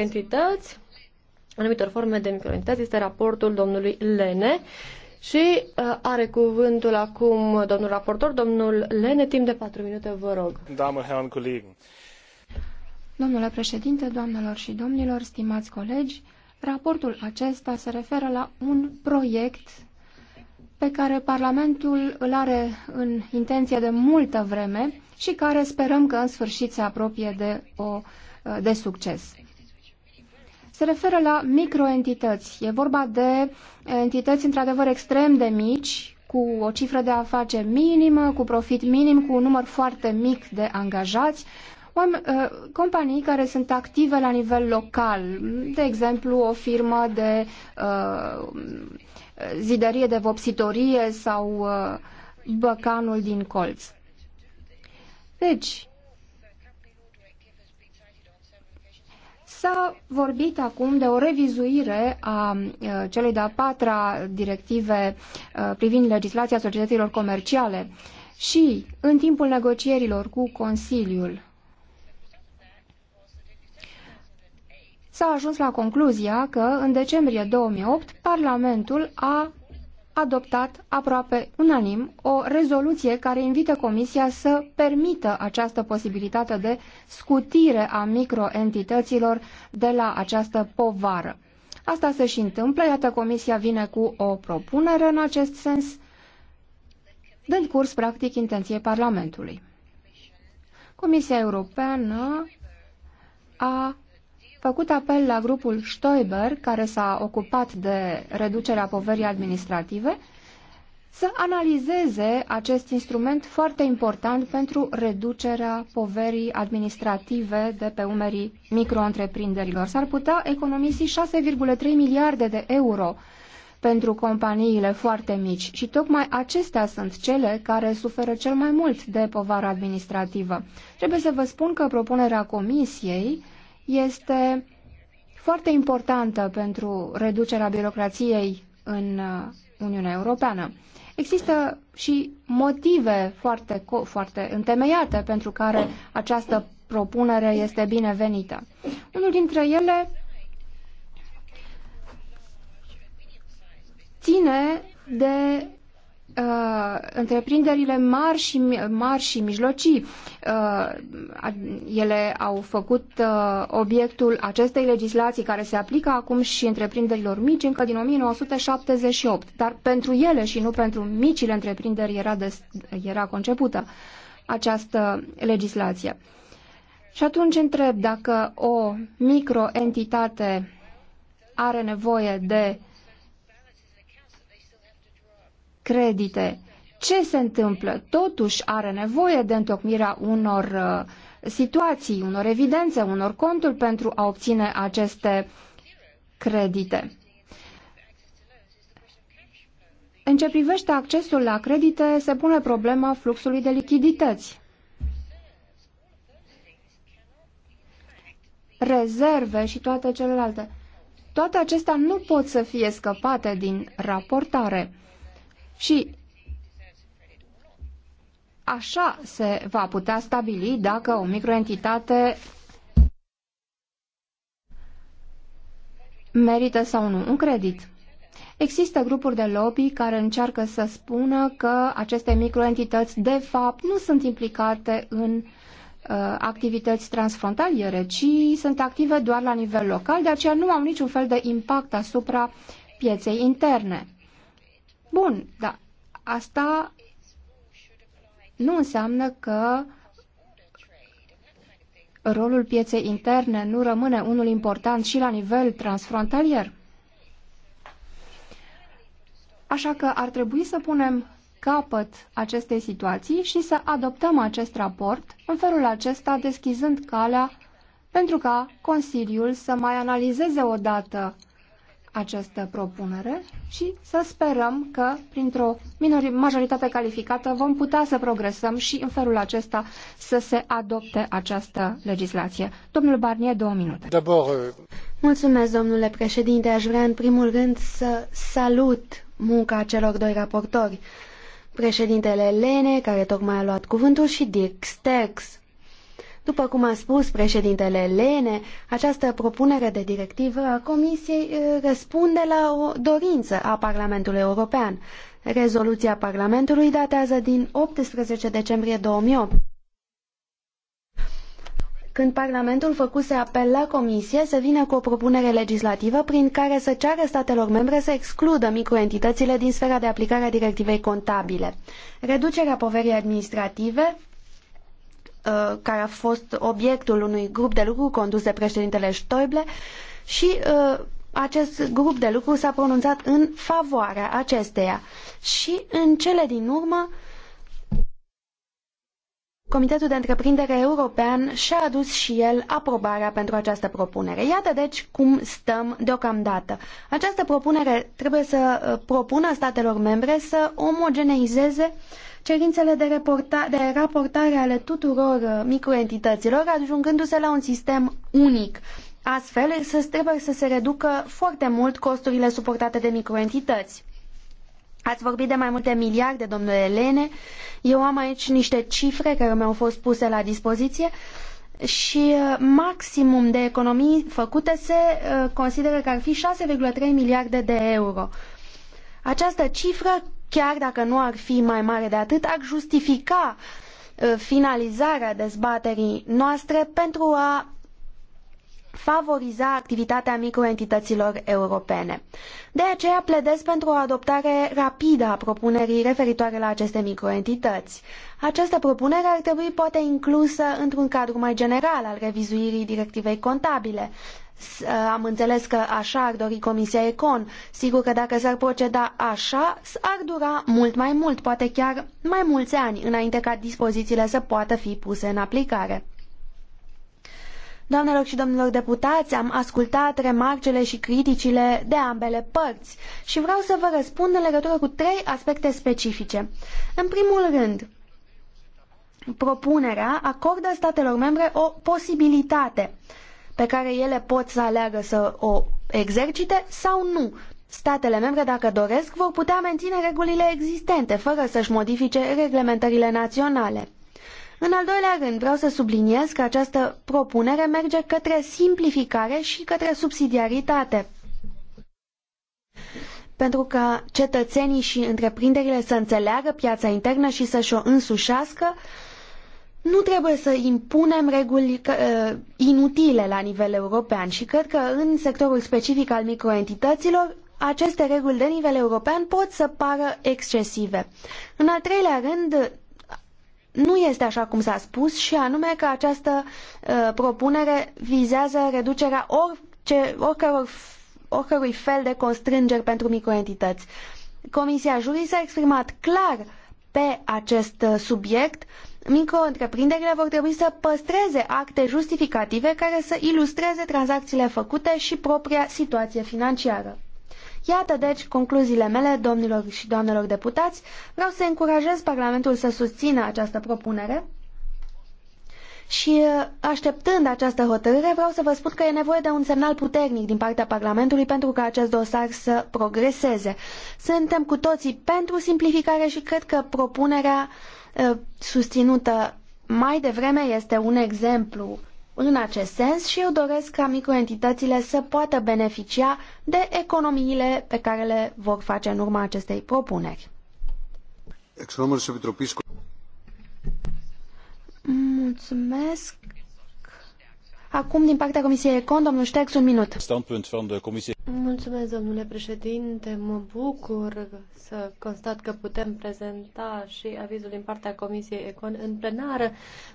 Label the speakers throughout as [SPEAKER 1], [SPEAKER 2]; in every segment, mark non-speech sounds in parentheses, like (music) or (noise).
[SPEAKER 1] microentități, anumitor forme de microentități, este raportul domnului Lene și uh, are cuvântul acum domnul raportor, domnul Lene, timp de patru minute, vă rog. Domnule președinte, doamnelor și
[SPEAKER 2] domnilor, stimați colegi, raportul acesta se referă la un proiect pe care Parlamentul îl are în intenție de multă vreme și care sperăm că în sfârșit se apropie de, o, de succes se referă la microentități. E vorba de eh, entități într-adevăr extrem de mici, cu o cifră de afaceri minimă, cu profit minim, cu un număr foarte mic de angajați, oameni, eh, companii care sunt active la nivel local, de exemplu o firmă de uh, eh, zidărie de vopsitorie sau uh, băcanul din colț. Deci, S-a vorbit acum de o revizuire a celei de-a patra directive privind legislația societăților comerciale și în timpul negocierilor cu Consiliul s-a ajuns la concluzia că în decembrie 2008 Parlamentul a adoptat aproape unanim o rezoluție care invită Comisia să permită această posibilitate de scutire a microentităților de la această povară. Asta se și întâmplă, iată Comisia vine cu o propunere în acest sens, dând curs practic intenției Parlamentului. Comisia Europeană a făcut apel la grupul Stoiber, care s-a ocupat de reducerea poverii administrative, să analizeze acest instrument foarte important pentru reducerea poverii administrative de pe umerii micro-întreprinderilor. S-ar putea economisi 6,3 miliarde de euro pentru companiile foarte mici și tocmai acestea sunt cele care suferă cel mai mult de povară administrativă. Trebuie să vă spun că propunerea Comisiei este foarte importantă pentru reducerea birocrației în uh, Uniunea Europeană. Există și motive foarte, foarte întemeiate pentru care această propunere este binevenită. Unul dintre ele ține de Uh, întreprinderile mari și, mari și mijlocii. Uh, ele au făcut uh, obiectul acestei legislații care se aplică acum și întreprinderilor mici încă din 1978, dar pentru ele și nu pentru micile întreprinderi era, de, era concepută această legislație. Și atunci întreb dacă o microentitate are nevoie de credite. Ce se întâmplă? Totuși are nevoie de întocmirea unor uh, situații, unor evidențe, unor conturi pentru a obține aceste credite. În ce privește accesul la credite, se pune problema fluxului de lichidități. Rezerve și toate celelalte. Toate acestea nu pot să fie scăpate din raportare. Și așa se va putea stabili dacă o microentitate merită sau nu un credit. Există grupuri de lobby care încearcă să spună că aceste microentități de fapt nu sunt implicate în uh, activități transfrontaliere, ci sunt active doar la nivel local, de aceea nu au niciun fel de impact asupra pieței interne. Bun, dar asta nu înseamnă că rolul pieței interne nu rămâne unul important și la nivel transfrontalier. Așa că ar trebui să punem capăt acestei situații și să adoptăm acest raport, în felul acesta deschizând calea pentru ca Consiliul să mai analizeze odată această propunere și să sperăm că, printr-o majoritate calificată, vom putea să progresăm și în felul acesta să se adopte această legislație. Domnul Barnier, două minute. Euh, Mulțumesc, domnule președinte. Aș vrea, în primul rând, să salut munca
[SPEAKER 3] celor doi raportori, președintele Lene, care tocmai a luat cuvântul, și Dirk Sterks. După cum a spus președintele Lene, această propunere de directivă a Comisiei eh, răspunde la o dorință a Parlamentului European. Rezoluția Parlamentului datează din 18 decembrie 2008 când Parlamentul făcuse apel la Comisie să vină cu o propunere legislativă prin care să ceară statelor membre să excludă microentitățile din sfera de aplicare a directivei contabile. Reducerea poverii administrative Uh, care a fost obiectul unui grup de lucru condus de președintele Stoible și uh, acest grup de lucru s-a pronunțat în favoarea acesteia. Și în cele din urmă, Comitetul de Întreprindere European și-a adus și el aprobarea pentru această propunere. Iată deci cum stăm deocamdată. Această propunere trebuie să uh, propună statelor membre să omogeneizeze uh, cerințele de, reporta, de raportare ale tuturor uh, microentităților, ajungându-se la un sistem unic. Astfel, să trebuie să se reducă foarte mult costurile suportate de microentități. Ați vorbit de mai multe miliarde, domnule Elene. Eu am aici niște cifre care mi-au fost puse la dispoziție și uh, maximum de economii făcute se uh, consideră că ar fi 6,3 miliarde de euro. Această cifră chiar dacă nu ar fi mai mare de atât, ar justifica uh, finalizarea dezbaterii noastre pentru a favoriza activitatea microentităților europene. De aceea pledez pentru o adoptare rapidă a propunerii referitoare la aceste microentități. Această propunere ar trebui poate inclusă într-un cadru mai general al revizuirii directivei contabile, Uh, am înțeles că așa ar dori Comisia Econ. Sigur că dacă s-ar proceda așa, ar dura mult mai mult, poate chiar mai mulți ani, înainte ca dispozițiile să poată fi puse în aplicare. Doamnelor și domnilor deputați, am ascultat remarcele și criticile de ambele părți și vreau să vă răspund în legătură cu trei aspecte specifice. În primul rând, propunerea acordă statelor membre o posibilitate pe care ele pot să aleagă să o exercite sau nu. Statele membre, dacă doresc, vor putea menține regulile existente, fără să-și modifice reglementările naționale. În al doilea rând, vreau să subliniez că această propunere merge către simplificare și către subsidiaritate. Pentru ca cetățenii și întreprinderile să înțeleagă piața internă și să-și o însușească, nu trebuie să impunem reguli ă, inutile la nivel european și cred că în sectorul specific al microentităților aceste reguli de nivel european pot să pară excesive. În al treilea rând, nu este așa cum s-a spus și anume că această ă, propunere vizează reducerea orice, oricăror, oricărui fel de constrângeri pentru microentități. Comisia Jurii s-a exprimat clar pe acest ă, subiect micro-întreprinderile vor trebui să păstreze acte justificative care să ilustreze tranzacțiile făcute și propria situație financiară. Iată deci concluziile mele, domnilor și doamnelor deputați. Vreau să încurajez Parlamentul să susțină această propunere și așteptând această hotărâre vreau să vă spun că e nevoie de un semnal puternic din partea Parlamentului pentru ca acest dosar să progreseze. Suntem cu toții pentru simplificare și cred că propunerea uh, susținută mai devreme este un exemplu în acest sens și eu doresc ca microentitățile să poată beneficia de economiile pe care le vor face în urma acestei propuneri. Mulțumesc. Acum, din partea Comisiei Econ, domnul Șterx, un minut.
[SPEAKER 1] Mulțumesc, domnule președinte. Mă bucur să constat că putem prezenta și avizul din partea Comisiei Econ în plenară,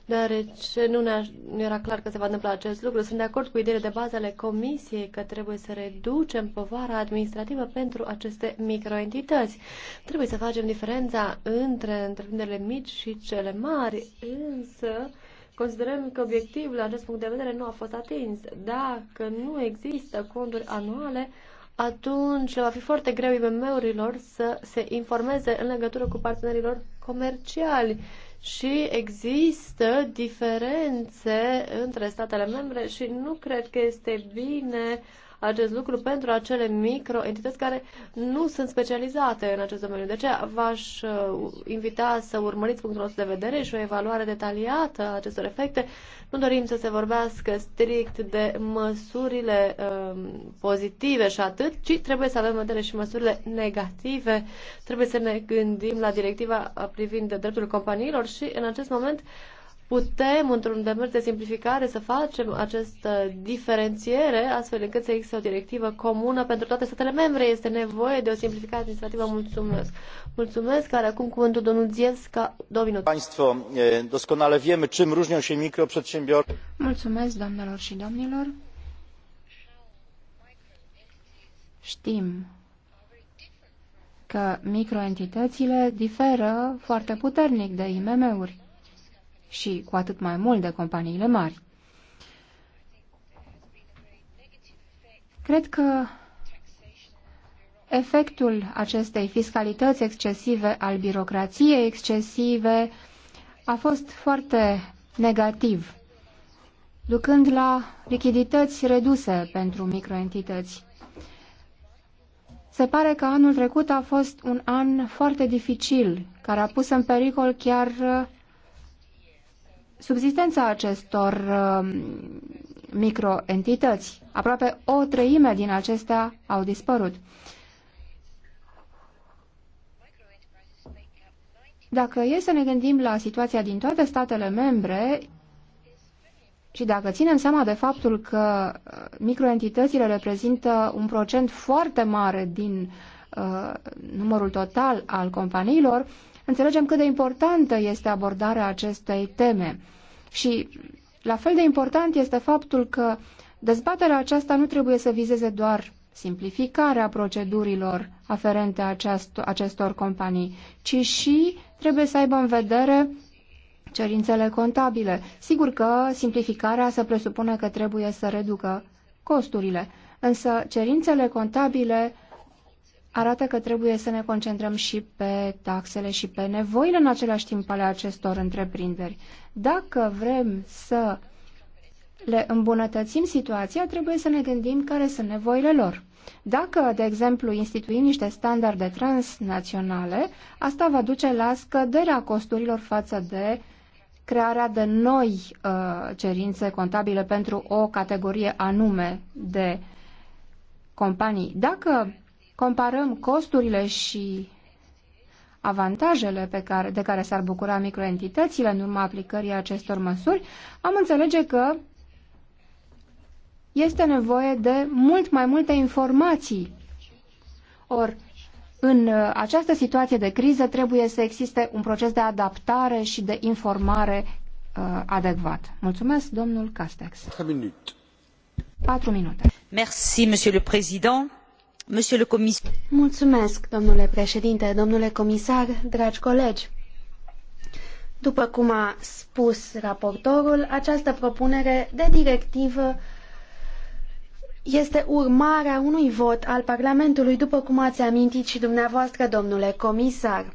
[SPEAKER 1] deoarece nu ne era clar că se va întâmpla acest lucru. Sunt de acord cu ideile de bază ale Comisiei că trebuie să reducem povara administrativă pentru aceste microentități. Trebuie să facem diferența între întreprinderile mici și cele mari, însă Considerăm că obiectivul, la acest punct de vedere, nu a fost atins. Dacă nu există conturi anuale, atunci le va fi foarte greu IMM-urilor să se informeze în legătură cu partenerilor comerciali și există diferențe între statele membre și nu cred că este bine uh, acest lucru pentru acele microentități care nu sunt specializate în acest domeniu. De ce aceea v-aș uh, invita să urmăriți punctul nostru de vedere și o evaluare detaliată a acestor efecte. Nu dorim să se vorbească strict de măsurile um, pozitive și atât, ci trebuie să avem în vedere și măsurile negative. Trebuie să ne gândim la directiva privind dreptul companiilor și în acest moment putem, într-un demers de simplificare, să facem această diferențiere, astfel încât să existe o directivă comună pentru toate statele membre. Este nevoie de o simplificare administrativă. Mulțumesc. Mulțumesc. Care acum cuvântul domnul Ziesca, două minute. Państwo,
[SPEAKER 2] doskonale wiemy, czym różnią się mikroprzedsiębiorstwa.
[SPEAKER 1] Mulțumesc, doamnelor și domnilor.
[SPEAKER 2] Știm că microentitățile diferă foarte puternic de IMM-uri și cu atât mai mult de companiile mari. Cred că efectul acestei fiscalități excesive, al birocrației excesive, a fost foarte negativ, ducând la lichidități reduse pentru microentități. Se pare că anul trecut a fost un an foarte dificil, care a pus în pericol chiar subsistența acestor um, microentități. Aproape o treime din acestea au dispărut. Dacă e să ne gândim la situația din toate statele membre și dacă ținem seama de faptul că uh, microentitățile reprezintă un procent foarte mare din uh, numărul total al companiilor, înțelegem cât de importantă este abordarea acestei teme. Și la fel de important este faptul că dezbaterea aceasta nu trebuie să vizeze doar simplificarea procedurilor aferente acest, acestor companii, ci și trebuie să aibă în vedere cerințele contabile. Sigur că simplificarea se presupune că trebuie să reducă costurile, însă cerințele contabile arată că trebuie să ne concentrăm și pe taxele și pe nevoile în același timp ale acestor întreprinderi. Dacă vrem să le îmbunătățim situația, trebuie să ne gândim care sunt nevoile lor. Dacă, de exemplu, instituim niște standarde transnaționale, asta va duce la scăderea costurilor față de crearea de noi uh, cerințe contabile pentru o categorie anume de companii. Dacă comparăm costurile și avantajele pe care, de care s-ar bucura microentitățile în urma aplicării acestor măsuri, am înțelege că este nevoie de mult mai multe informații. Or, în uh, această situație de criză trebuie să existe un proces de adaptare și de informare uh, adecvat. Mulțumesc, domnul Castex. 4 minute.
[SPEAKER 3] Merci, monsieur le président
[SPEAKER 2] Mulțumesc, domnule președinte,
[SPEAKER 3] domnule comisar, dragi colegi. După cum a spus raportorul, această propunere de directivă este urmarea unui vot al Parlamentului, după cum ați amintit și dumneavoastră, domnule comisar.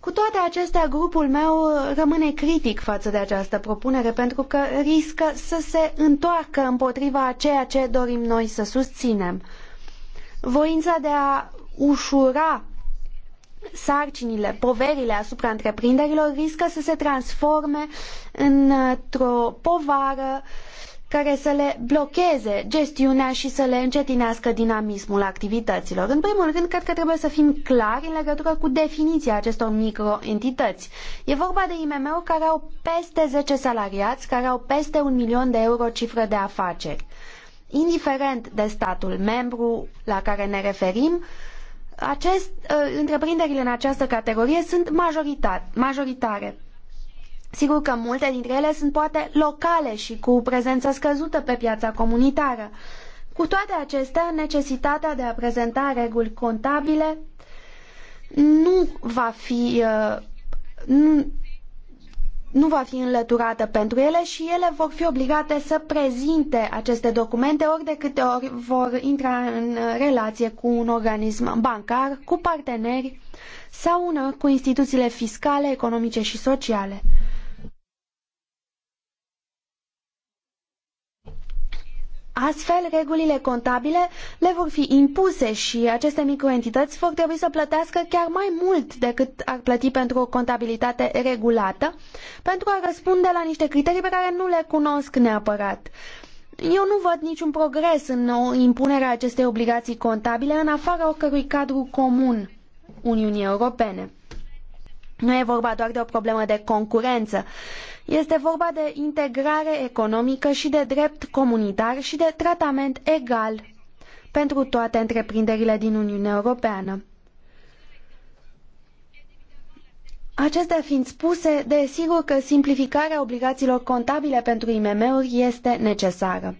[SPEAKER 3] Cu toate acestea, grupul meu rămâne critic față de această propunere pentru că riscă să se întoarcă împotriva a ceea ce dorim noi să susținem voința de a ușura sarcinile, poverile asupra întreprinderilor riscă să se transforme într-o povară care să le blocheze gestiunea și să le încetinească dinamismul activităților. În primul rând, cred că trebuie să fim clari în legătură cu definiția acestor microentități. E vorba de IMM-uri care au peste zece salariați, care au peste un milion de euro cifră de afaceri indiferent de statul membru la care ne referim, acest, uh, întreprinderile în această categorie sunt majoritare. Sigur că multe dintre ele sunt poate locale și cu prezență scăzută pe piața comunitară. Cu toate acestea, necesitatea de a prezenta reguli contabile nu va fi uh, nu va fi înlăturată pentru ele și ele vor fi obligate să prezinte aceste documente ori de câte ori vor intra în relație cu un organism bancar, cu parteneri sau uneori cu instituțiile fiscale, economice și sociale. Astfel, regulile contabile le vor fi impuse și aceste microentități vor trebui să plătească chiar mai mult decât ar plăti pentru o contabilitate regulată, pentru a răspunde la niște criterii pe care nu le cunosc neapărat. Eu nu văd niciun progres în impunerea acestei obligații contabile în afara oricărui cadru comun Uniunii Europene. Nu e vorba doar de o problemă de concurență. Este vorba de integrare economică și de drept comunitar și de tratament egal pentru toate întreprinderile din Uniunea Europeană. Acestea fiind spuse, desigur că simplificarea obligațiilor contabile pentru IMM-uri este necesară.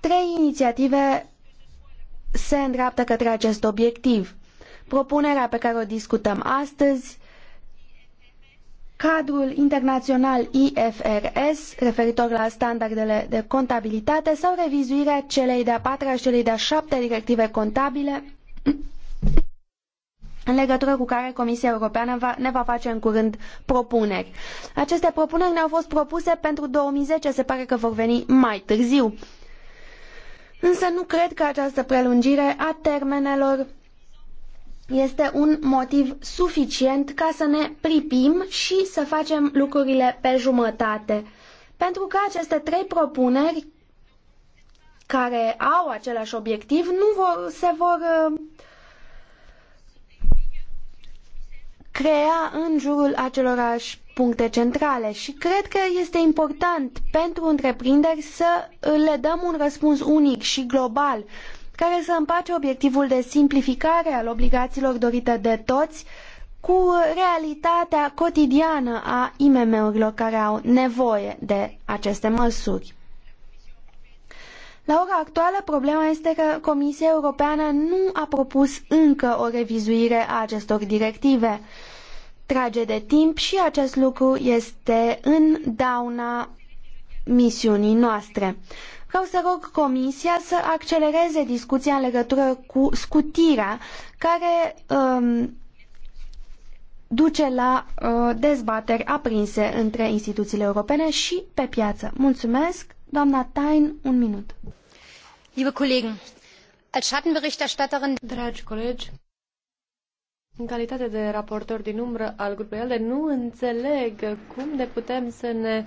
[SPEAKER 3] Trei inițiative se îndreaptă către acest obiectiv. Propunerea pe care o discutăm astăzi, cadrul internațional IFRS referitor la standardele de contabilitate sau revizuirea celei de-a patra și celei de-a șaptea directive contabile în legătură cu care Comisia Europeană va, ne va face în curând propuneri. Aceste propuneri ne-au fost propuse pentru 2010, se pare că vor veni mai târziu. Însă nu cred că această prelungire a termenelor este un motiv suficient ca să ne pripim și să facem lucrurile pe jumătate. Pentru că aceste trei propuneri care au același obiectiv nu vor, se vor uh, crea în jurul acelorași puncte centrale și cred că este important pentru întreprinderi să le dăm un răspuns unic și global care să împace obiectivul de simplificare al obligațiilor dorite de toți cu realitatea cotidiană a IMM-urilor care au nevoie de aceste măsuri. La ora actuală, problema este că Comisia Europeană nu a propus încă o revizuire a acestor directive. Trage de timp și acest lucru este în dauna misiunii noastre. Vreau să rog Comisia să accelereze discuția în legătură cu scutirea care um, duce la uh, dezbateri aprinse între instituțiile europene și pe piață. Mulțumesc, doamna Tain, un minut.
[SPEAKER 1] Liebe Kollegen, als Schattenberichterstatterin, dragi colegi, în calitate de raportor din umbră al grupului ALDE, nu înțeleg cum ne putem să ne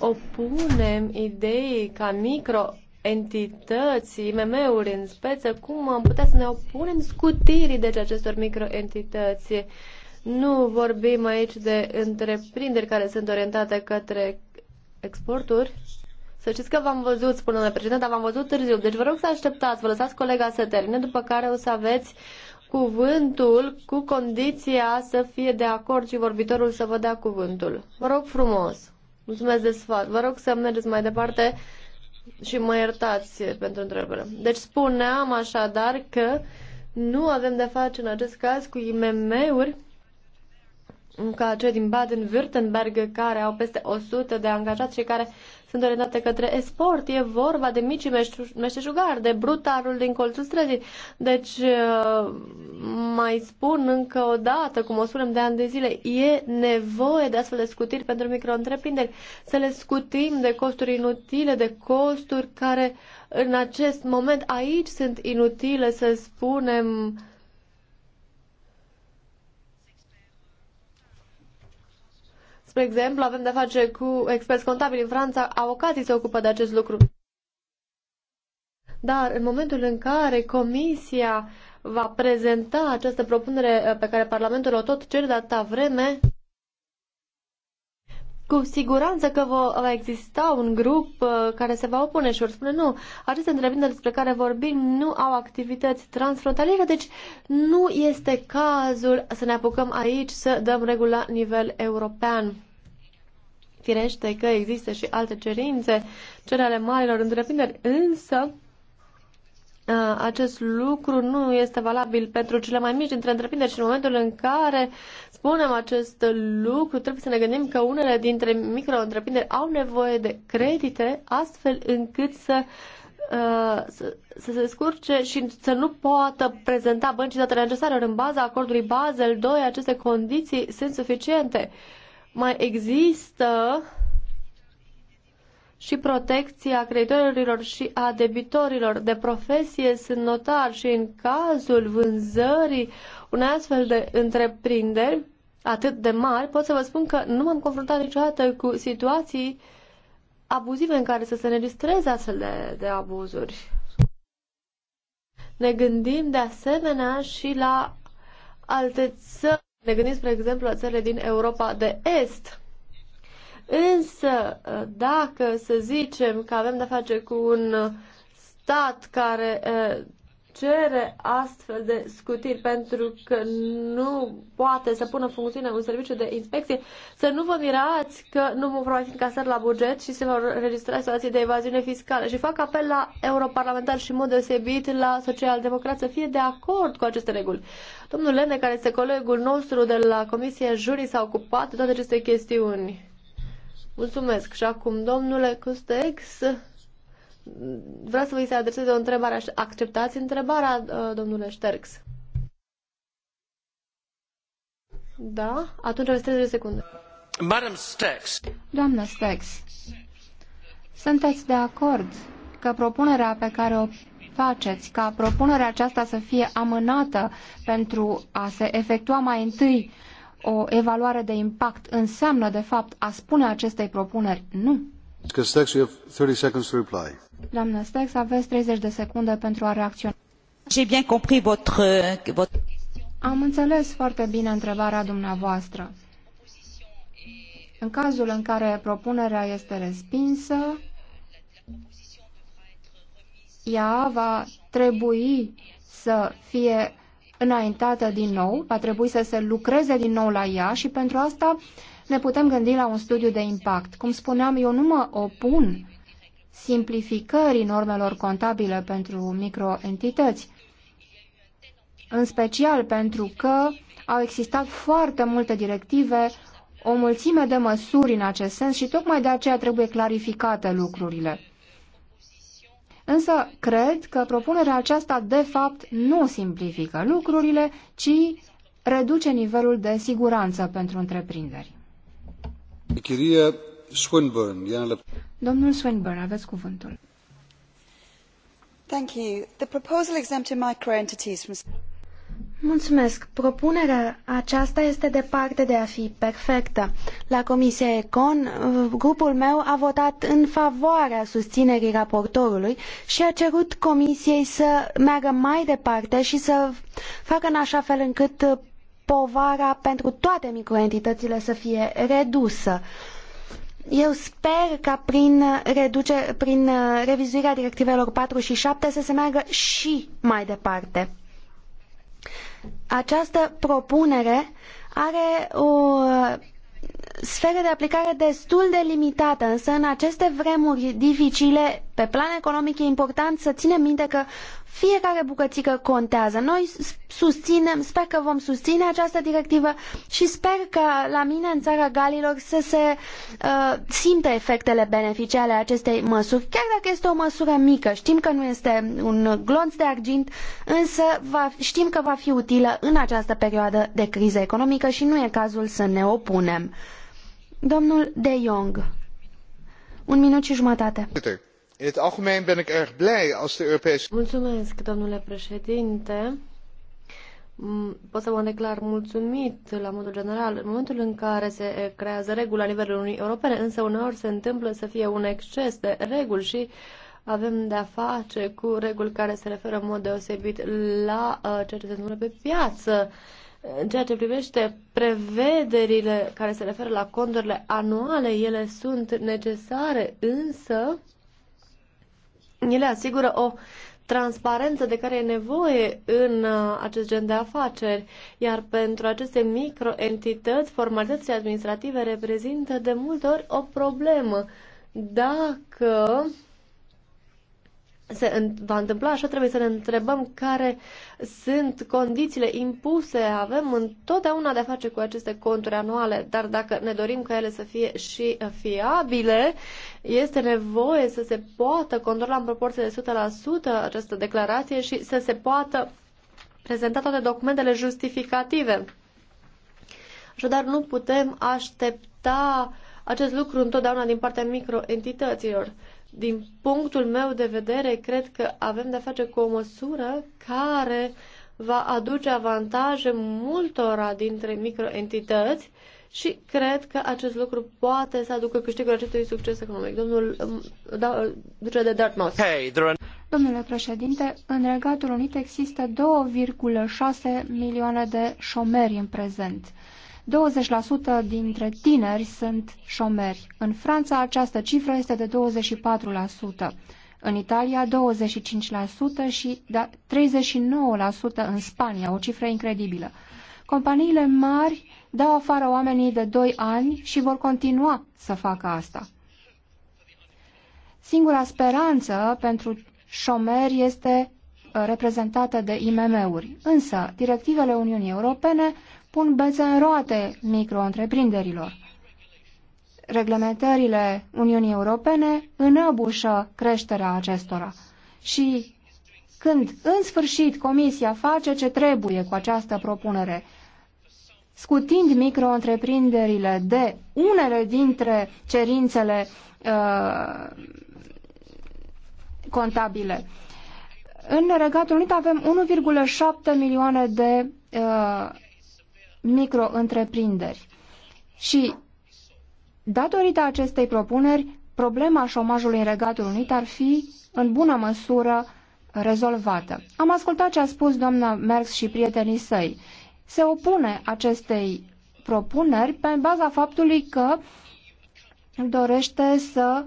[SPEAKER 1] opunem ideii ca micro entități, IMM-uri în speță, cum am putea să ne opunem scutirii deci acestor microentități. Nu vorbim aici de întreprinderi care sunt orientate către exporturi. Să știți că v-am văzut, spune domnule președinte, v-am văzut târziu. Deci vă rog să așteptați, vă lăsați colega să termine, după care o să aveți cuvântul cu condiția să fie de acord și vorbitorul să vă dea cuvântul. Vă rog frumos. Mulțumesc de sfat. Vă rog să mergeți mai departe și mă iertați pentru întrebare. Deci spuneam așadar că nu avem de face în acest caz cu IMM-uri ca cei din Baden-Württemberg care au peste 100 de angajați și care sunt orientate către esport. E vorba de micii meșteșugari, de brutarul din colțul străzii. Deci, uh, mai spun încă o dată, cum o spunem de ani de zile, e nevoie de astfel de scutiri pentru micro-întreprinderi, să le scutim de costuri inutile, de costuri care în acest moment aici sunt inutile, să spunem, Spre exemplu, avem de-a face cu experți contabili în Franța, avocații se ocupă de acest lucru. Dar în momentul în care Comisia va prezenta această propunere eh, pe care Parlamentul o tot cere de atâta vreme, cu siguranță că va exista un grup uh, care se va opune și ori spune nu, aceste întreprinderi despre care vorbim nu au activități transfrontaliere, deci nu este cazul să ne apucăm aici să dăm regulă la nivel european. Firește că există și alte cerințe, cele ale marilor întreprinderi, însă Uh, acest lucru nu este valabil pentru cele mai mici dintre întreprinderi și în momentul în care spunem acest lucru, trebuie să ne gândim că unele dintre micro-întreprinderi au nevoie de credite astfel încât să uh, să, să se scurce și să nu poată prezenta băncii datele necesare în baza acordului Basel 2, aceste condiții sunt suficiente. Mai există uh, și protecția creditorilor și a debitorilor de profesie sunt notari și în cazul vânzării unei astfel de întreprinderi atât de mari, pot să vă spun că nu m-am confruntat niciodată cu situații abuzive în care să se înregistreze astfel de, de abuzuri. Ne gândim de asemenea și la alte țări. Ne gândim, spre exemplu, la țările din Europa de Est, Însă, dacă să zicem că avem de face cu un stat care cere astfel de scutiri pentru că nu poate să pună în funcțiune un serviciu de inspecție, să nu vă mirați că nu vor mai fi încasări la buget și se vor registra situații de evaziune fiscală. Și fac apel la europarlamentar și, în mod deosebit, la socialdemocrat să fie de acord cu aceste reguli. Domnul Lene, care este colegul nostru de la Comisia Jurii, s-a ocupat de toate aceste chestiuni. Mulțumesc. Și acum, domnule Custex, vreau să vă se adreseze o întrebare. Acceptați întrebarea, uh, domnule Șterx? Da? Atunci aveți 30 de secunde. Madam Stex.
[SPEAKER 2] Doamnă Stex, sunteți de acord că propunerea pe care o faceți ca propunerea aceasta să fie amânată pentru a se efectua mai întâi uh, o evaluare de impact înseamnă, de fapt, a spune acestei propuneri nu? Stex, Doamnă Stex, aveți 30 de secunde pentru a reacționa.
[SPEAKER 3] J'ai bien compris votre, votre...
[SPEAKER 2] Am înțeles foarte bine întrebarea dumneavoastră. În cazul în care propunerea este respinsă, ea va trebui să fie înaintată din nou, va trebui să se lucreze din nou la ea și pentru asta ne putem gândi la un studiu de impact. Cum spuneam, eu nu mă opun simplificării normelor contabile pentru microentități, în special pentru că au existat foarte multe directive, o mulțime de măsuri în acest sens și tocmai de aceea trebuie clarificate lucrurile. Însă cred că propunerea aceasta de fapt nu simplifică lucrurile, ci reduce nivelul de siguranță pentru întreprinderi. Domnul Swinburne, aveți cuvântul. Thank you. The proposal exempted micro entities from Mulțumesc. Propunerea
[SPEAKER 3] aceasta este departe de a fi perfectă. La Comisia Econ, grupul meu a votat în favoarea susținerii raportorului și a cerut Comisiei să meargă mai departe și să facă în așa fel încât povara pentru toate microentitățile să fie redusă. Eu sper ca prin, reduce, prin revizuirea directivelor patru și 7 să se meargă și mai departe. Această propunere are o uh, sferă de aplicare destul de limitată, însă în aceste vremuri dificile, pe plan economic, e important să ținem minte că fiecare bucățică contează. Noi susținem, sper că vom susține această directivă și sper că la mine în țara Galilor să se uh, simtă efectele benefice ale acestei măsuri, chiar dacă este o măsură mică. Știm că nu este un glonț de argint, însă va, știm că va fi utilă în această perioadă de criză economică și nu e cazul să ne opunem. Domnul De Jong,
[SPEAKER 1] un minut și jumătate
[SPEAKER 3] in het algemeen ben ik erg blij als de Europese.
[SPEAKER 1] Mulțumesc, domnule președinte. Mm, pot să mă declar mulțumit la modul general în momentul în care se creează reguli la nivelul Uniunii Europene, însă uneori se întâmplă să fie un exces de reguli și avem de-a face cu reguli care se referă în mod deosebit la uh, ceea ce se întâmplă pe piață. În ceea ce privește prevederile care se referă la conturile anuale, ele sunt necesare, însă ele asigură o transparență de care e nevoie în uh, acest gen de afaceri, iar pentru aceste microentități, formalitățile administrative reprezintă de multe ori o problemă. Dacă se va întâmpla așa, trebuie să ne întrebăm care sunt condițiile impuse. Avem întotdeauna de-a face cu aceste conturi anuale, dar dacă ne dorim ca ele să fie și fiabile, este nevoie să se poată controla în proporție de 100% această declarație și să se poată prezenta toate documentele justificative. Așadar, nu putem aștepta acest lucru întotdeauna din partea microentităților. Din punctul meu de vedere, cred că avem de-a face cu o măsură care va aduce avantaje multora dintre microentități și cred că acest lucru poate să aducă câștigul acestui succes economic. Domnul um, da, duce de Dartmouth. Hey, are... Domnule
[SPEAKER 2] președinte, în Regatul Unit există 2,6 milioane de șomeri în prezent. 20% dintre tineri sunt șomeri. În Franța această cifră este de 24%, în Italia 25% și 39% da, în Spania, o cifră incredibilă. Companiile mari dau afară oamenii de 2 ani și vor continua să facă asta. Singura speranță pentru șomeri este reprezentată de IMM-uri. Însă, directivele Uniunii Europene pun bețe în roate micro-întreprinderilor. Reglementările Uniunii Europene înăbușă creșterea acestora. Și când, în sfârșit, Comisia face ce trebuie cu această propunere, scutind micro-întreprinderile de unele dintre cerințele uh, contabile, în Regatul Unit avem 1,7 milioane de uh, micro-întreprinderi. Și datorită acestei propuneri, problema șomajului în Regatul Unit ar fi în bună măsură rezolvată. Am ascultat ce a spus doamna Merx și prietenii săi. Se opune acestei propuneri pe baza faptului că dorește să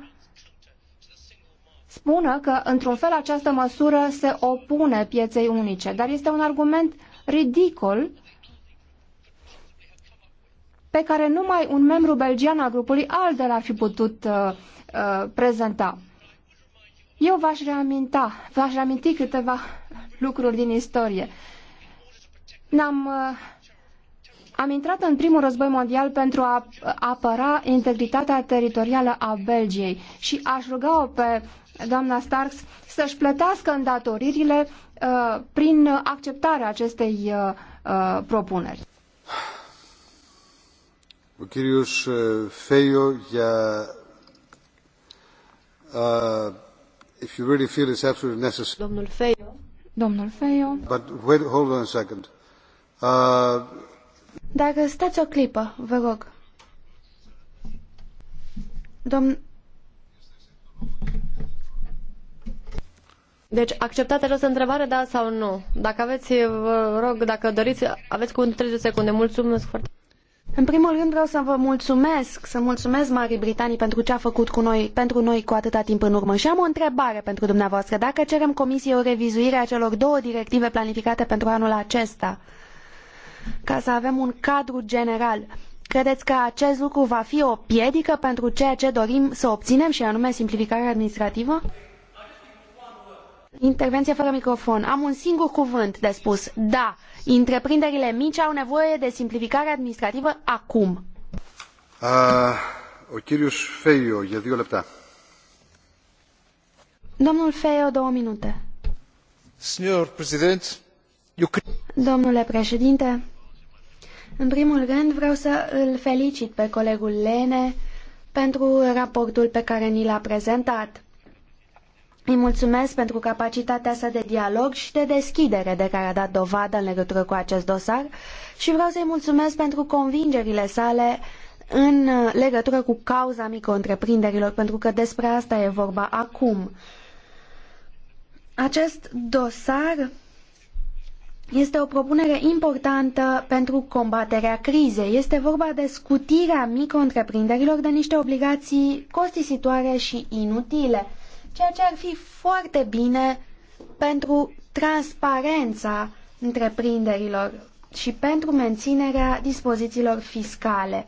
[SPEAKER 2] spună că, într-un fel, această măsură se opune pieței unice, dar este un argument ridicol pe care numai un membru belgian al grupului ALDE l-ar fi putut uh, uh, prezenta. Eu v-aș reaminta, v-aș reaminti câteva lucruri din istorie. n am uh, am intrat în primul război mondial pentru a apăra integritatea teritorială a Belgiei și aș ruga-o pe doamna Starks, să-și plătească îndatoririle uh, prin acceptarea acestei uh, uh propuneri.
[SPEAKER 3] Ο κύριος Φέιο για uh, if you really feel it's absolutely necessary. Domnul Feio.
[SPEAKER 2] Domnul Feio.
[SPEAKER 3] But wait, hold on a second. Uh, Dacă stați o clipă, vă rog.
[SPEAKER 1] Domn... Deci, acceptați această întrebare, da sau nu? Dacă aveți, vă rog, dacă doriți, aveți cu 30 secunde. Mulțumesc foarte
[SPEAKER 3] mult. În primul rând vreau să vă mulțumesc, să mulțumesc Marii Britanii pentru ce a făcut cu noi, pentru noi cu atâta timp în urmă. Și am o întrebare pentru dumneavoastră. Dacă cerem Comisiei o revizuire a celor două directive planificate pentru anul acesta, ca să avem un cadru general, credeți că acest lucru va fi o piedică pentru ceea ce dorim să obținem și anume simplificarea administrativă? Intervenție fără microfon. Am un singur cuvânt de spus. Da, întreprinderile mici au nevoie de simplificare administrativă acum. o Chirius Feio, e două lepta. Domnul Feio, două minute. Signor președinte, eu... Domnule președinte, în primul rând vreau să îl felicit pe colegul Lene pentru raportul pe care ni l-a prezentat. Îi mulțumesc pentru capacitatea sa de dialog și de deschidere de care a dat dovadă în legătură cu acest dosar și vreau să-i mulțumesc pentru convingerile sale în legătură cu cauza micro-întreprinderilor, pentru că despre asta e vorba acum. Acest dosar este o propunere importantă pentru combaterea crizei. Este vorba de scutirea micro-întreprinderilor de niște obligații costisitoare și inutile ceea ce ar fi foarte bine pentru transparența întreprinderilor și pentru menținerea dispozițiilor fiscale.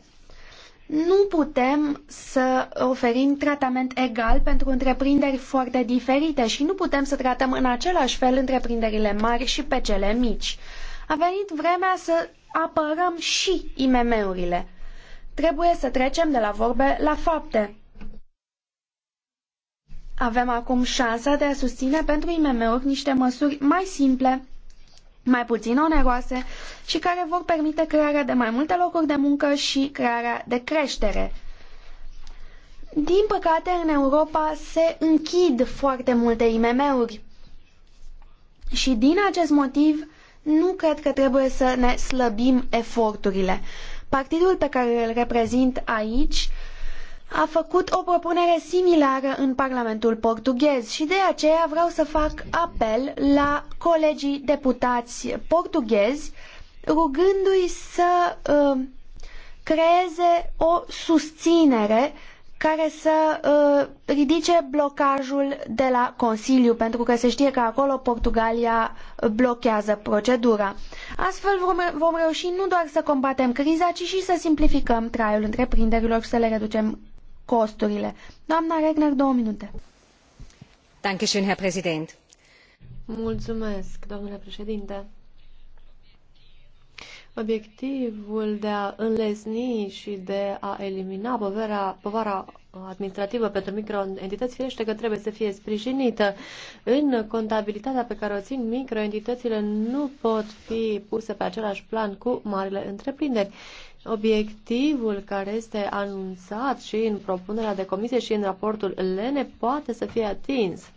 [SPEAKER 3] Nu putem să oferim tratament egal pentru întreprinderi foarte diferite și nu putem să tratăm în același fel întreprinderile mari și pe cele mici. A venit vremea să apărăm și IMM-urile. Trebuie să trecem de la vorbe la fapte. Avem acum șansa de a susține pentru IMM-uri niște măsuri mai simple, mai puțin oneroase și care vor permite crearea de mai multe locuri de muncă și crearea de creștere. Din păcate, în Europa se închid foarte multe IMM-uri și din acest motiv nu cred că trebuie să ne slăbim eforturile. Partidul pe care îl reprezint aici a făcut o propunere similară în Parlamentul portughez și de aceea vreau să fac apel la colegii deputați portughezi rugându-i să uh, creeze o susținere care să uh, ridice blocajul de la Consiliu, pentru că se știe că acolo Portugalia blochează procedura. Astfel vom, vom reuși nu doar să combatem criza, ci și să simplificăm traiul întreprinderilor și să le reducem costurile. Doamna Regner, două minute. Dankeschön, Herr Präsident.
[SPEAKER 1] Mulțumesc, domnule președinte. Obiectivul de a înlesni și de a elimina povara, povara administrativă pentru microentități, firește că trebuie să fie sprijinită. În contabilitatea pe care o țin, microentitățile nu pot fi puse pe același plan cu marile întreprinderi. Obiectivul care este anunțat și în propunerea de comisie și în raportul Lene poate să fie atins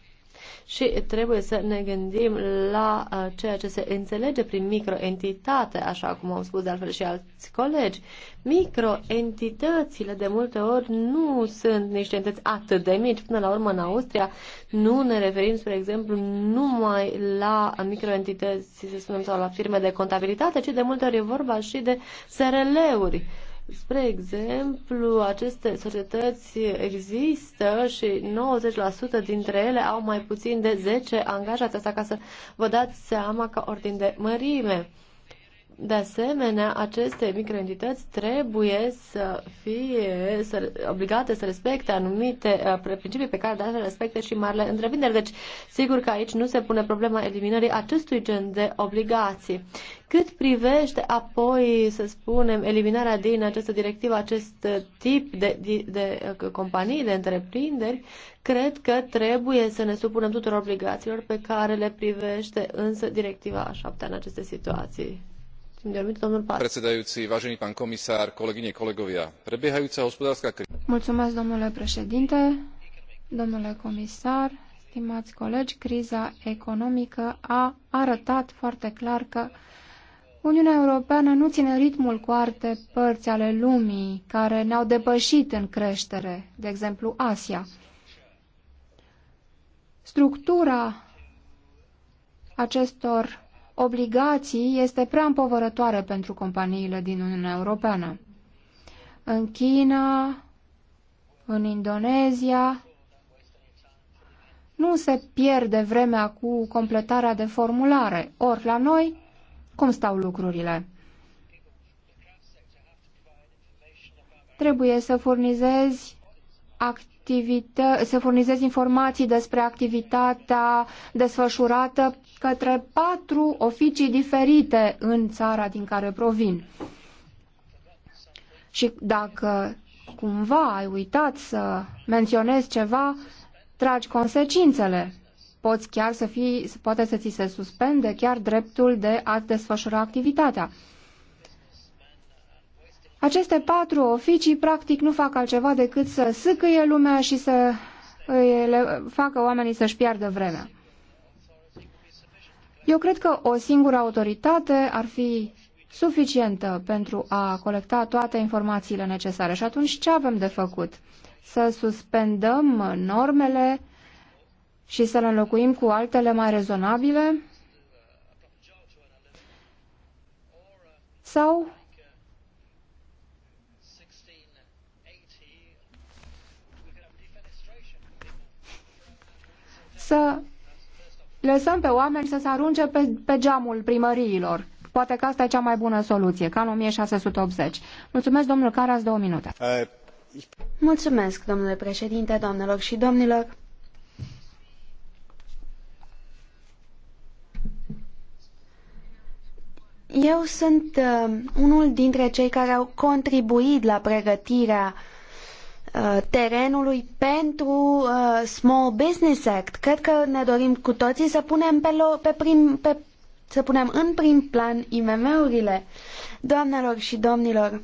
[SPEAKER 1] și trebuie să ne gândim la uh, ceea ce se înțelege prin microentitate, așa cum au spus de altfel și alți colegi. Microentitățile de multe ori nu sunt niște entități atât de mici. Până la urmă, în Austria, nu ne referim, spre exemplu, numai la microentități, să spunem, sau la firme de contabilitate, ci de multe ori e vorba și de SRL-uri. Spre exemplu, aceste societăți există și 90% dintre ele au mai puțin de 10 angajați. Asta ca să vă dați seama ca ordin de mărime. De asemenea, aceste microentități trebuie să fie să, obligate să respecte anumite uh, principii pe care de să respecte și marile întreprinderi. Deci, sigur că aici nu se pune problema eliminării acestui gen de obligații. Cât privește apoi, să spunem, eliminarea din această directivă, acest tip de, de, de uh, companii, de întreprinderi, cred că trebuie să ne supunem tuturor obligațiilor pe care le privește însă directiva a șaptea în aceste situații predsedajúci vážený pán komisár kolegyne kolegovia prebiehajúca hospodárska kríza
[SPEAKER 2] criza economică a arătat foarte clar că Uniunea Europeană nu ține ritmul cu alte părți ale lumii care ne-au depășit în creștere, de exemplu Asia. Structura acestor obligații este prea împovărătoare pentru companiile din Uniunea Europeană. În China, în Indonezia, nu se pierde vremea cu completarea de formulare. Ori la noi, cum stau lucrurile? Trebuie să furnizezi activitatea activită- să furnizez informații despre activitatea desfășurată către patru oficii diferite în țara din care provin. Și dacă cumva ai uitat să menționezi ceva, tragi consecințele. Poți chiar să fii, poate să ți se suspende chiar dreptul de a desfășura activitatea. Aceste patru oficii practic nu fac altceva decât să sâcâie lumea și să le facă oamenii să-și piardă vremea. Eu cred că o singură autoritate ar fi suficientă pentru a colecta toate informațiile necesare. Și atunci ce avem de făcut? Să suspendăm normele și să le înlocuim cu altele mai rezonabile? Sau să lăsăm pe oameni să se arunce pe, pe geamul primăriilor. Poate că asta e cea mai bună soluție, ca în 1680. Mulțumesc, domnul Caras, două minute. Mulțumesc, domnule președinte, doamnelor și domnilor.
[SPEAKER 3] Eu sunt uh, unul dintre cei care au contribuit la pregătirea uh, Uh, terenului pentru uh, Small Business Act. Cred că ne dorim cu toții să punem pe, pe, prim, pe să punem în prim plan IMM-urile. Doamnelor și domnilor,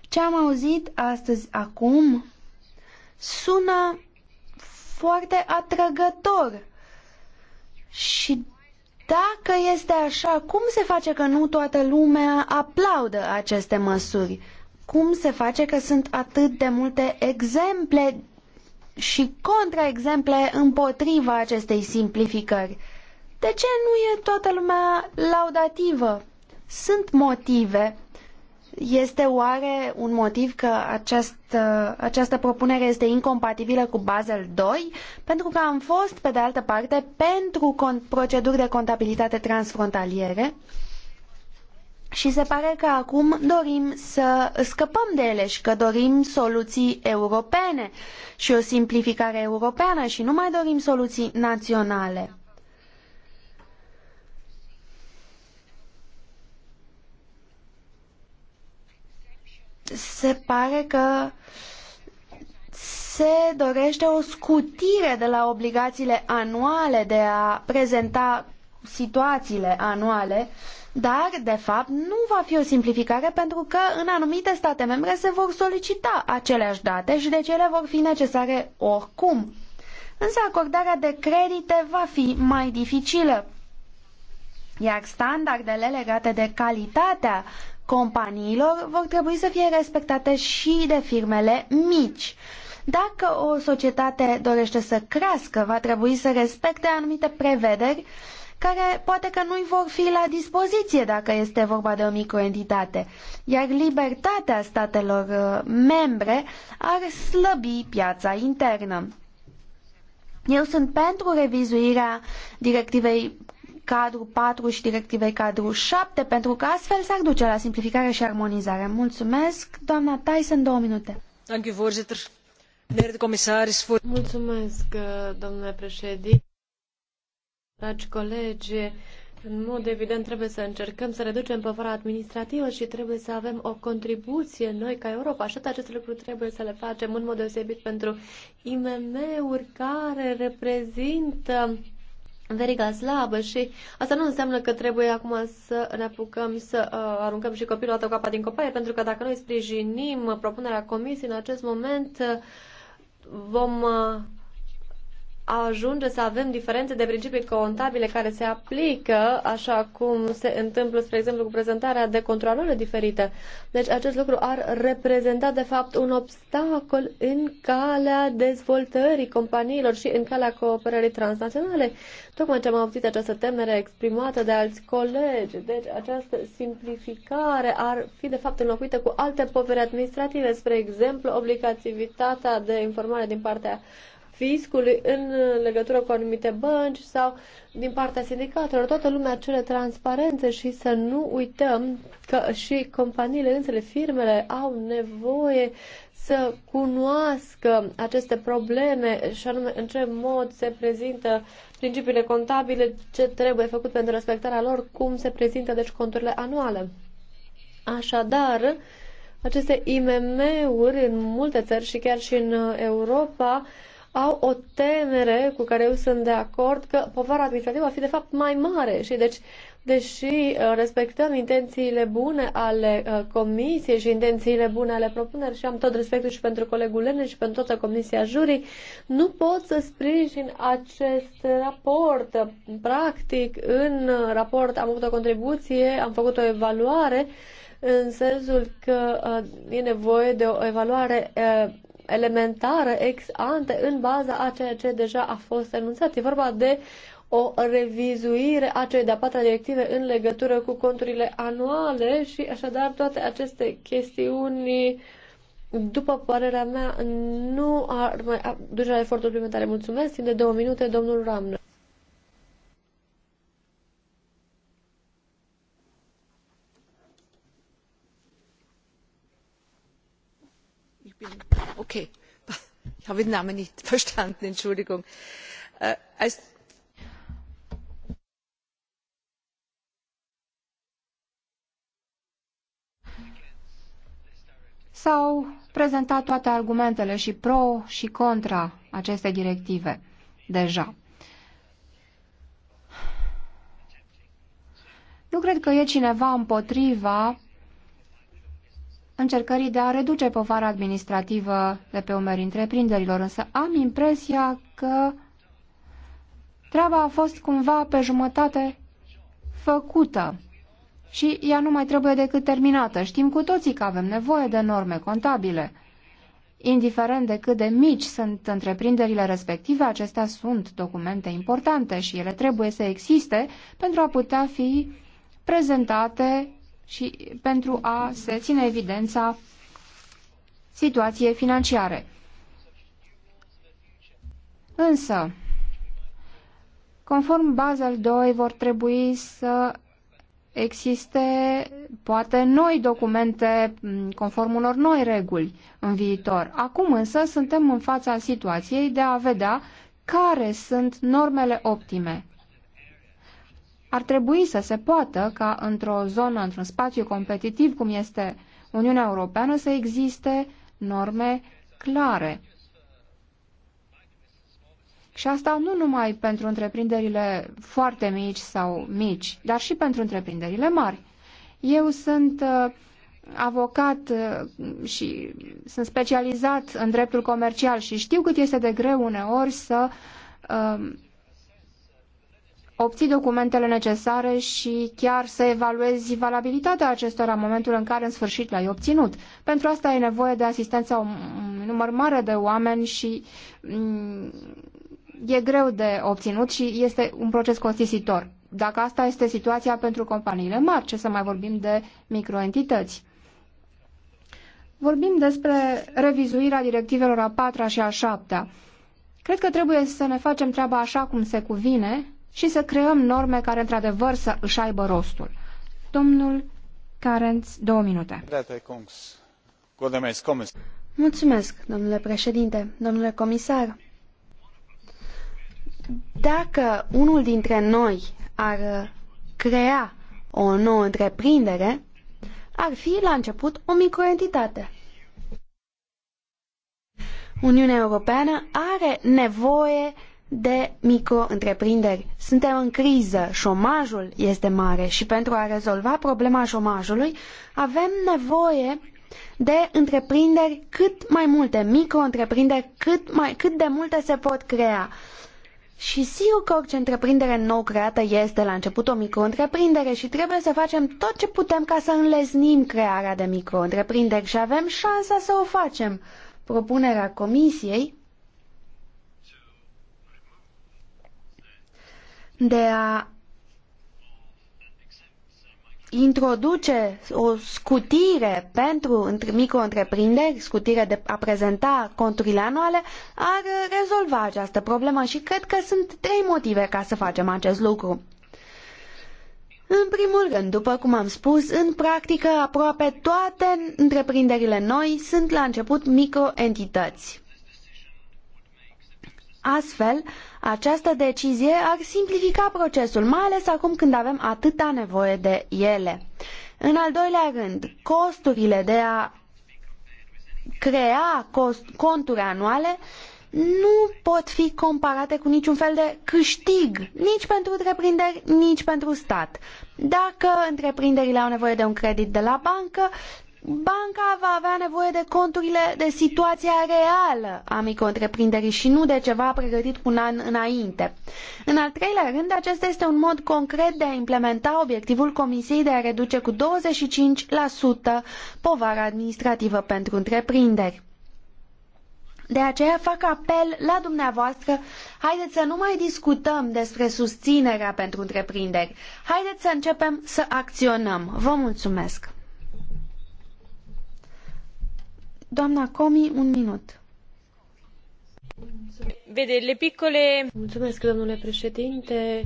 [SPEAKER 3] ce am auzit astăzi acum sună foarte atrăgător. Și dacă este așa, cum se face că nu toată lumea aplaudă aceste măsuri? cum se face că sunt atât de multe exemple și contraexemple împotriva acestei simplificări? De ce nu e toată lumea laudativă? Sunt motive. Este oare un motiv că această, această propunere este incompatibilă cu Basel II? Pentru că am fost, pe de altă parte, pentru proceduri de contabilitate transfrontaliere. Și se pare că acum dorim să scăpăm de ele și că dorim soluții europene și o simplificare europeană și nu mai dorim soluții naționale. Se pare că se dorește o scutire de la obligațiile anuale de a prezenta situațiile anuale uh, dar, de fapt, nu va fi o simplificare pentru că în anumite state membre se vor solicita aceleași date și deci ele vor fi necesare oricum. Însă acordarea de credite va fi mai dificilă, iar standardele legate de calitatea companiilor vor trebui să fie respectate și de firmele mici. Dacă o societate dorește să crească, va trebui să respecte anumite prevederi care poate că nu-i vor fi la dispoziție dacă este vorba de o microentitate, iar libertatea statelor uh, membre ar slăbi piața internă. Eu sunt pentru revizuirea directivei cadru 4 și directivei cadru 7, pentru că astfel s-ar duce la simplificare și armonizare. Mulțumesc, doamna Tyson, două minute.
[SPEAKER 1] Mulțumesc, uh, domnule președinte. Dragi colegi, în mod evident trebuie să încercăm să reducem povara administrativă și trebuie să avem o contribuție noi ca Europa. Așa acest lucru trebuie să le facem în mod deosebit pentru IMM-uri care reprezintă veriga slabă și asta nu înseamnă că trebuie acum să ne apucăm să uh, aruncăm și copilul toată capa din copaie, pentru că dacă noi sprijinim propunerea comisiei în acest moment, uh, vom uh, ajunge să avem diferențe de principii contabile care se aplică, așa cum se întâmplă, spre exemplu, cu prezentarea de controlore diferite. Deci acest lucru ar reprezenta, de fapt, un obstacol în calea dezvoltării companiilor și în calea cooperării transnaționale. Tocmai ce am auzit această temere exprimată de alți colegi, deci această simplificare ar fi, de fapt, înlocuită cu alte poveri administrative, spre exemplu, obligativitatea de informare din partea fiscului în legătură cu anumite bănci sau din partea sindicatelor. Toată lumea cere transparență și să nu uităm că și companiile însele, firmele au nevoie să cunoască aceste probleme și anume în ce mod se prezintă principiile contabile, ce trebuie făcut pentru respectarea lor, cum se prezintă deci conturile anuale. Așadar, aceste IMM-uri în multe țări și chiar și în Europa au o temere cu care eu sunt de acord că povara administrativă va fi de fapt mai mare și deci deși uh, respectăm intențiile bune ale uh, comisiei și intențiile bune ale propunerii și am tot respectul și pentru colegul Lene și pentru toată comisia jurii, nu pot să sprijin acest raport. Practic, în raport am avut o contribuție, am făcut o evaluare în sensul că uh, e nevoie de o evaluare elementară ex ante în baza a ceea ce deja a fost enunțat. E vorba de o revizuire a cei de-a patra directive în legătură cu conturile anuale și așadar toate aceste chestiuni după părerea mea, nu ar mai duce la efortul suplimentare. Mulțumesc. Timp de două minute, domnul Ramnă.
[SPEAKER 2] Okay. Ich habe den Namen nicht (laughs) verstanden, Entschuldigung. Äh, S-au prezentat toate argumentele și pro și contra acestei directive deja. Nu cred că e cineva împotriva încercării de a reduce povara administrativă de pe umeri întreprinderilor, însă am impresia că treaba a fost cumva pe jumătate făcută și ea nu mai trebuie decât terminată. Știm cu toții că avem nevoie de norme contabile. Indiferent de cât de mici sunt întreprinderile respective, acestea sunt documente importante și ele trebuie să existe pentru a putea fi prezentate și pentru a se ține evidența situației financiare. Însă, conform Basel II, vor trebui să existe poate noi documente conform unor noi reguli în viitor. Acum însă suntem în fața situației de a vedea care sunt normele optime ar trebui să se poată ca într-o zonă, într-un spațiu competitiv cum este Uniunea Europeană, să existe norme clare. Și asta nu numai pentru întreprinderile foarte mici sau mici, dar și pentru întreprinderile mari. Eu sunt uh, avocat uh, și sunt specializat în dreptul comercial și știu cât este de greu uneori să uh, obții documentele necesare și chiar să evaluezi valabilitatea acestora în momentul în care în sfârșit le-ai obținut. Pentru asta e nevoie de asistența unui număr mare de oameni și mm, e greu de obținut și este un proces costisitor. Dacă asta este situația pentru companiile mari, ce să mai vorbim de microentități? Vorbim despre revizuirea directivelor a patra și a șaptea. Cred că trebuie să ne facem treaba așa cum se cuvine și să creăm norme care într-adevăr să își aibă rostul. Domnul Carenț, două minute. Mulțumesc, domnule
[SPEAKER 3] președinte, domnule comisar. Dacă unul dintre noi ar crea o nouă întreprindere, ar fi la început o microentitate. Uniunea Europeană are nevoie de micro-întreprinderi. Suntem în criză, șomajul este mare și pentru a rezolva problema șomajului avem nevoie de întreprinderi cât mai multe, micro-întreprinderi cât, mai, cât de multe se pot crea. Și sigur că orice întreprindere nou creată este la început o micro-întreprindere și trebuie să facem tot ce putem ca să înlesnim crearea de micro-întreprinderi și avem șansa să o facem. Propunerea Comisiei de a introduce o scutire pentru micro-întreprinderi, scutire de a prezenta conturile anuale, ar rezolva această problemă și cred că sunt trei motive ca să facem acest lucru. În primul rând, după cum am spus, în practică aproape toate întreprinderile noi sunt la început microentități. Astfel, această decizie ar simplifica procesul, mai ales acum când avem atâta nevoie de ele. În al doilea rând, costurile de a crea cost, conturi anuale nu pot fi comparate cu niciun fel de câștig, nici pentru întreprinderi, nici pentru stat. Dacă întreprinderile au nevoie de un credit de la bancă, banca va avea nevoie de conturile de situația reală a micro-întreprinderii și nu de ceva pregătit cu un an înainte. În al treilea rând, acesta este un mod concret de a implementa obiectivul Comisiei de a reduce cu 25% povara administrativă pentru întreprinderi. De aceea fac apel la dumneavoastră, haideți să nu mai discutăm despre susținerea pentru întreprinderi. Haideți să începem să acționăm. Vă mulțumesc! Doamna Comi, un minut.
[SPEAKER 1] Vederile picole. Mulțumesc, domnule președinte.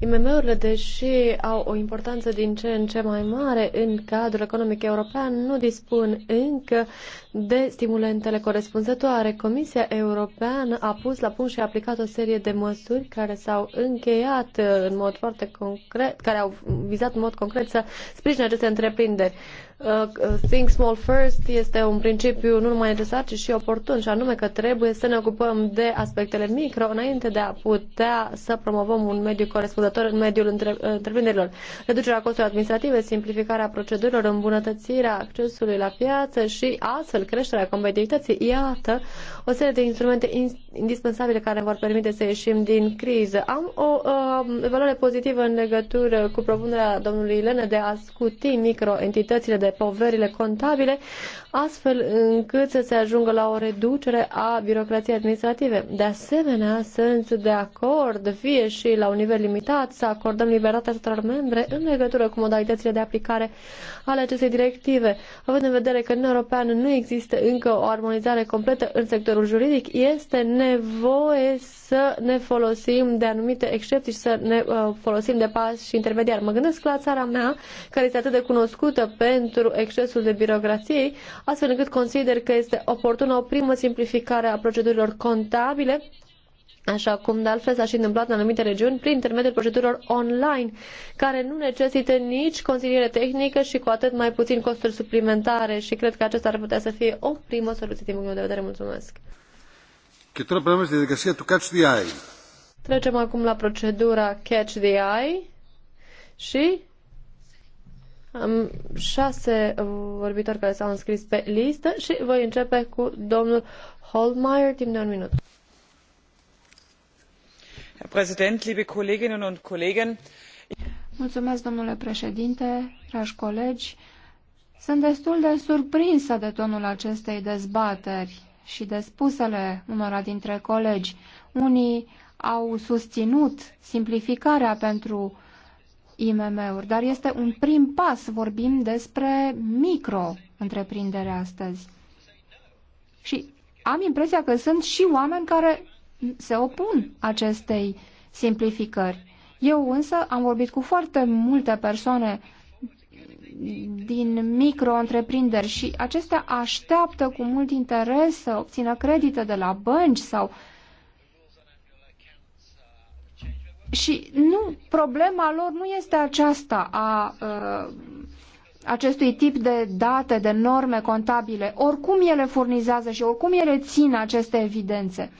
[SPEAKER 1] IMM-urile, deși au o importanță din ce în ce mai mare în cadrul economic european, nu dispun încă de stimulentele corespunzătoare. Comisia Europeană a pus la punct și a aplicat o serie de măsuri care s-au încheiat în mod foarte concret, care au vizat în mod concret să sprijine aceste întreprinderi. Uh, think Small First este un principiu nu numai necesar, ci și oportun, și anume că trebuie să ne ocupăm de aspectele micro înainte de a putea să promovăm un mediu corespunzător în mediul între, întreprinderilor. Reducerea costurilor administrative, simplificarea procedurilor, îmbunătățirea accesului la piață și astfel creșterea competitivității. Iată o serie de instrumente indispensabile care vor permite să ieșim din criză. Am o uh, evaluare pozitivă în legătură cu propunerea domnului Lene de a scuti microentitățile de de poverile contabile, astfel încât să se ajungă la o reducere a birocrației administrative. De asemenea, sunt de acord, fie și la un nivel limitat, să acordăm libertatea statelor membre în legătură cu modalitățile de aplicare ale acestei directive. Având în vedere că în European nu există încă o armonizare completă în sectorul juridic, este nevoie să ne folosim de anumite excepții și să ne uh, folosim de pas și intermediar. Mă gândesc la țara mea, care este atât de cunoscută pentru excesul de birocrație, astfel încât consider că este oportună o primă simplificare a procedurilor contabile așa cum de altfel s-a și întâmplat în anumite regiuni prin intermediul procedurilor online, care nu necesită nici consiliere tehnică și cu atât mai puțin costuri suplimentare și cred că acesta ar putea să fie o primă soluție din punct de vedere. Mulțumesc! Trecem acum la procedura Catch the Eye și am șase vorbitori care s-au înscris pe listă și voi începe cu domnul Holmeier timp de un minut. Herr Präsident, liebe Kolleginnen und Kollegen.
[SPEAKER 2] Mulțumesc, domnule președinte, dragi colegi. Sunt destul de surprinsă de tonul acestei dezbateri și de spusele unora dintre colegi. Unii au susținut simplificarea pentru IMM-uri, dar este un prim pas. Vorbim despre micro-întreprindere astăzi. Și am impresia că sunt și oameni care se opun acestei simplificări. Eu însă am vorbit cu foarte multe persoane din micro-întreprinderi și acestea așteaptă cu mult interes să obțină credite de la bănci sau și nu, problema lor nu este aceasta a a ă, acestui tip de date, de norme contabile. Oricum ele furnizează și oricum ele țin aceste evidențe.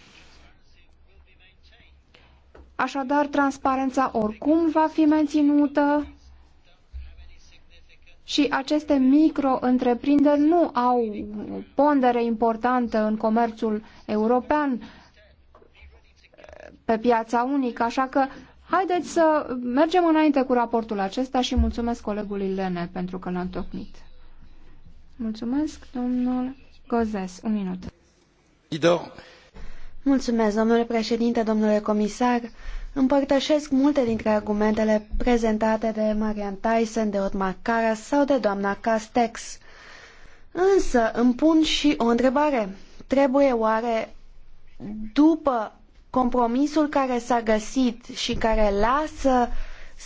[SPEAKER 2] Așadar, transparența oricum va fi menținută, și aceste micro-întreprinderi nu au pondere importantă în comerțul european pe piața unică, așa că haideți să mergem înainte cu raportul acesta și mulțumesc colegului Lene pentru că l-a întocmit. Mulțumesc, domnul Gozes. Un minut.
[SPEAKER 3] Mulțumesc, domnule președinte, domnule comisar. Împărtășesc multe dintre argumentele prezentate de Marian Tyson, de Otmar Karas sau de doamna Castex. Însă îmi pun și o întrebare. Trebuie oare după compromisul care s-a găsit și care lasă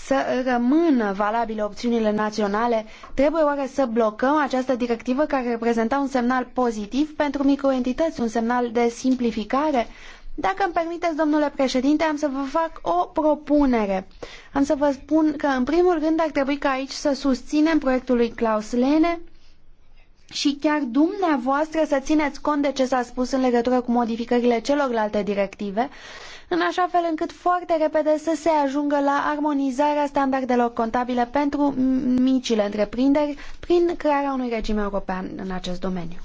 [SPEAKER 3] să rămână valabile opțiunile naționale, trebuie oare să blocăm această directivă care reprezenta un semnal pozitiv pentru microentități, un semnal de simplificare? Dacă îmi permiteți, domnule președinte, am să vă fac o propunere. Am să vă spun că, în primul rând, ar trebui ca aici să susținem proiectul lui Klaus Lene și chiar dumneavoastră să țineți cont de ce s-a spus în legătură cu modificările celorlalte directive, în așa fel încât foarte repede să se ajungă la armonizarea standardelor contabile pentru micile întreprinderi prin crearea unui regim european în acest domeniu.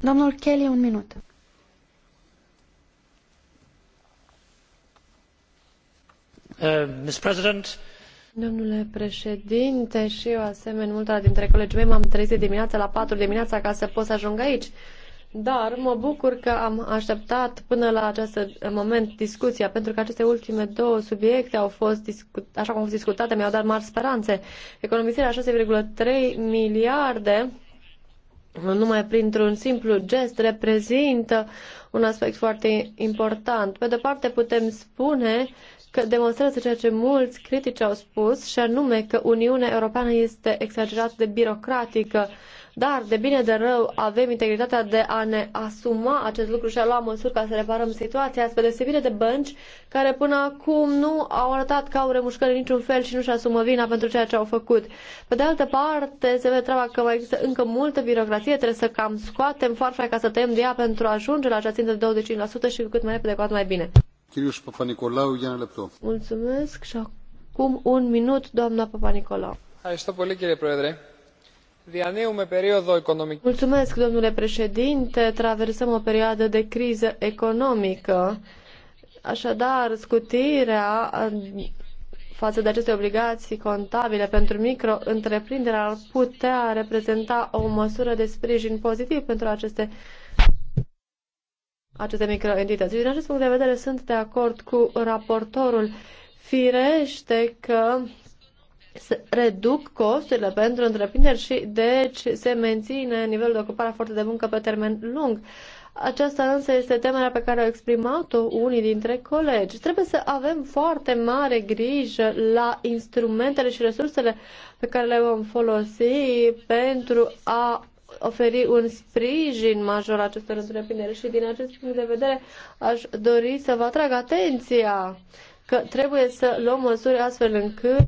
[SPEAKER 3] Domnul Kelly,
[SPEAKER 1] un minut. Uh, Domnule președinte, și eu, asemeni multora dintre colegii mei m-am trezit dimineața la patru dimineața ca să pot să ajung aici. Dar mă bucur că am așteptat până la acest moment discuția, pentru că aceste ultime două subiecte au fost, așa cum au fost discutate, mi-au dat mari speranțe. Economisirea 6,3 miliarde numai printr-un simplu gest reprezintă un aspect foarte important. Pe de parte putem spune că că demonstrează ceea ce mulți critici au spus, și anume că Uniunea Europeană este exagerat de birocratică. Dar, de bine de rău, avem integritatea de a ne asuma acest lucru și a lua măsuri ca să reparăm situația, spre deosebire de bănci care până acum nu au arătat că au remușcări în niciun fel și nu-și asumă vina pentru ceea ce au făcut. Pe de altă parte, se vede treaba că mai există încă multă birocratie, trebuie să cam scoatem farfa ca să tăiem de ea pentru a ajunge la acea țintă de 25% și cu cât mai repede, cu atât mai bine.
[SPEAKER 3] Mulțumesc
[SPEAKER 1] un minut, Papa Mulțumesc, domnule președinte. Traversăm o perioadă de criză economică. Așadar, scutirea față de aceste obligații contabile pentru micro-întreprinderi ar putea reprezenta o măsură de sprijin pozitiv pentru aceste aceste microentități. Din acest punct de vedere sunt de acord cu raportorul. Firește că se reduc costurile pentru întreprinderi și deci se menține nivelul de ocupare foarte de muncă pe termen lung. Aceasta însă este temerea pe care au exprimat-o unii dintre colegi. Trebuie să avem foarte mare grijă la instrumentele și resursele pe care le vom folosi pentru a oferi un sprijin major acestor întreprinderi și din acest punct de vedere aș dori să vă atrag atenția că trebuie să luăm măsuri astfel încât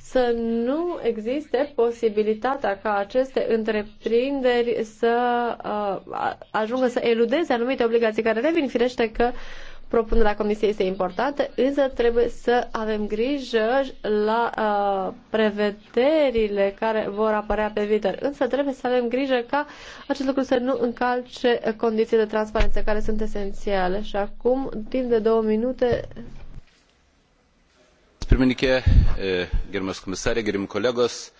[SPEAKER 1] să nu existe posibilitatea ca aceste întreprinderi să uh, ajungă să eludeze anumite obligații care revin firește că propunerea Comisiei este importantă, însă trebuie să avem grijă la uh, prevederile care vor apărea pe viitor. Însă trebuie să avem grijă ca acest lucru să nu încalce condiții de transparență care sunt esențiale. Și acum, timp de două minute.
[SPEAKER 2] Pirmininkė, eh, gerbiamas comisare, gerbiami colegos,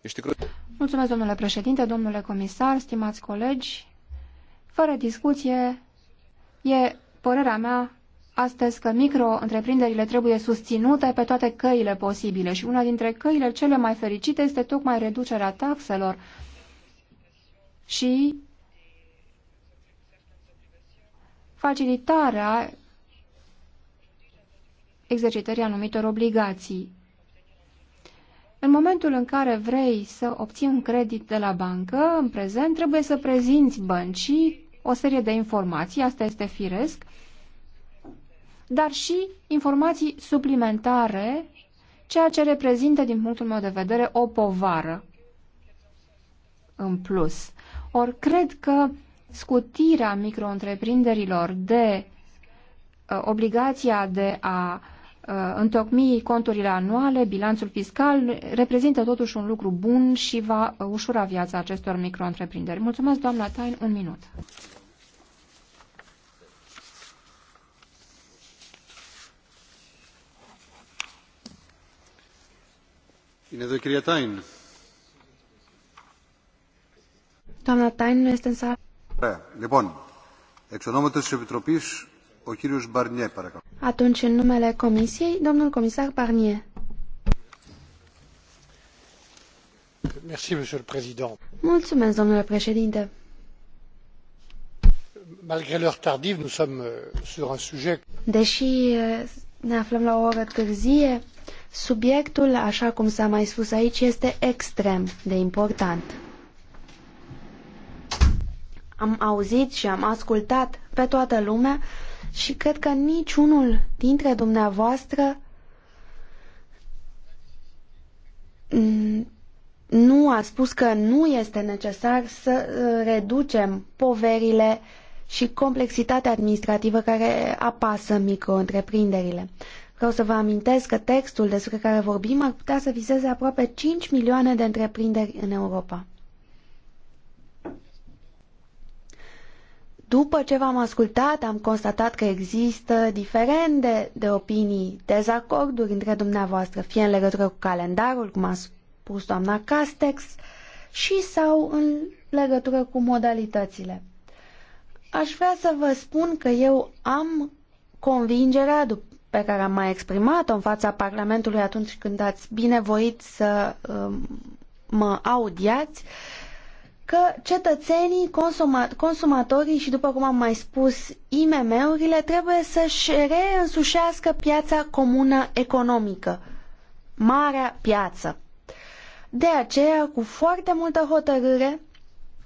[SPEAKER 2] ești Mulțumesc, domnule președinte, domnule comisar, stimați colegi. Fără discuție, e părerea mea astăzi că micro-întreprinderile trebuie susținute pe toate căile posibile și una dintre căile cele mai fericite este tocmai reducerea taxelor și facilitarea exercitării anumitor obligații. În momentul în care vrei să obții un credit de la bancă, în prezent trebuie să prezinți băncii o serie de informații, asta este firesc, dar și informații suplimentare, ceea ce reprezintă, din punctul meu de vedere, o povară în plus. Or, cred că scutirea micro-întreprinderilor de uh, obligația de a uh, întocmi conturile anuale, bilanțul fiscal, reprezintă totuși un lucru bun și va uh, ușura viața acestor micro-întreprinderi. Mulțumesc, doamna Tain, un minut.
[SPEAKER 3] Doamna Tain nu este în sală. Da, Atunci, în numele Comisiei, domnul comisar Barnier. Mulțumesc, domnule președinte.
[SPEAKER 2] Malgré l'heure tardive, nous sommes euh, sur un sujet.
[SPEAKER 3] Deși euh, ne aflăm la o oră târzie, Subiectul, așa cum s-a mai spus aici, este extrem de important. Am auzit și am ascultat pe toată lumea și cred că niciunul dintre dumneavoastră nu a spus că nu este necesar să uh, reducem poverile și complexitatea administrativă care apasă micro-întreprinderile. Vreau să vă amintesc că textul despre care vorbim ar putea să viseze aproape 5 milioane de întreprinderi în Europa. După ce v-am ascultat, am constatat că există diferende de opinii, dezacorduri între dumneavoastră, fie în legătură cu calendarul, cum a spus doamna Castex, și sau în legătură cu modalitățile. Aș vrea să vă spun că eu am convingerea, pe care am mai exprimat-o în fața Parlamentului atunci când ați binevoit să um, mă audiați, că cetățenii, consumatorii și, după cum am mai spus, IMM-urile trebuie să-și reînsușească piața comună economică, marea piață. De aceea, cu foarte multă hotărâre,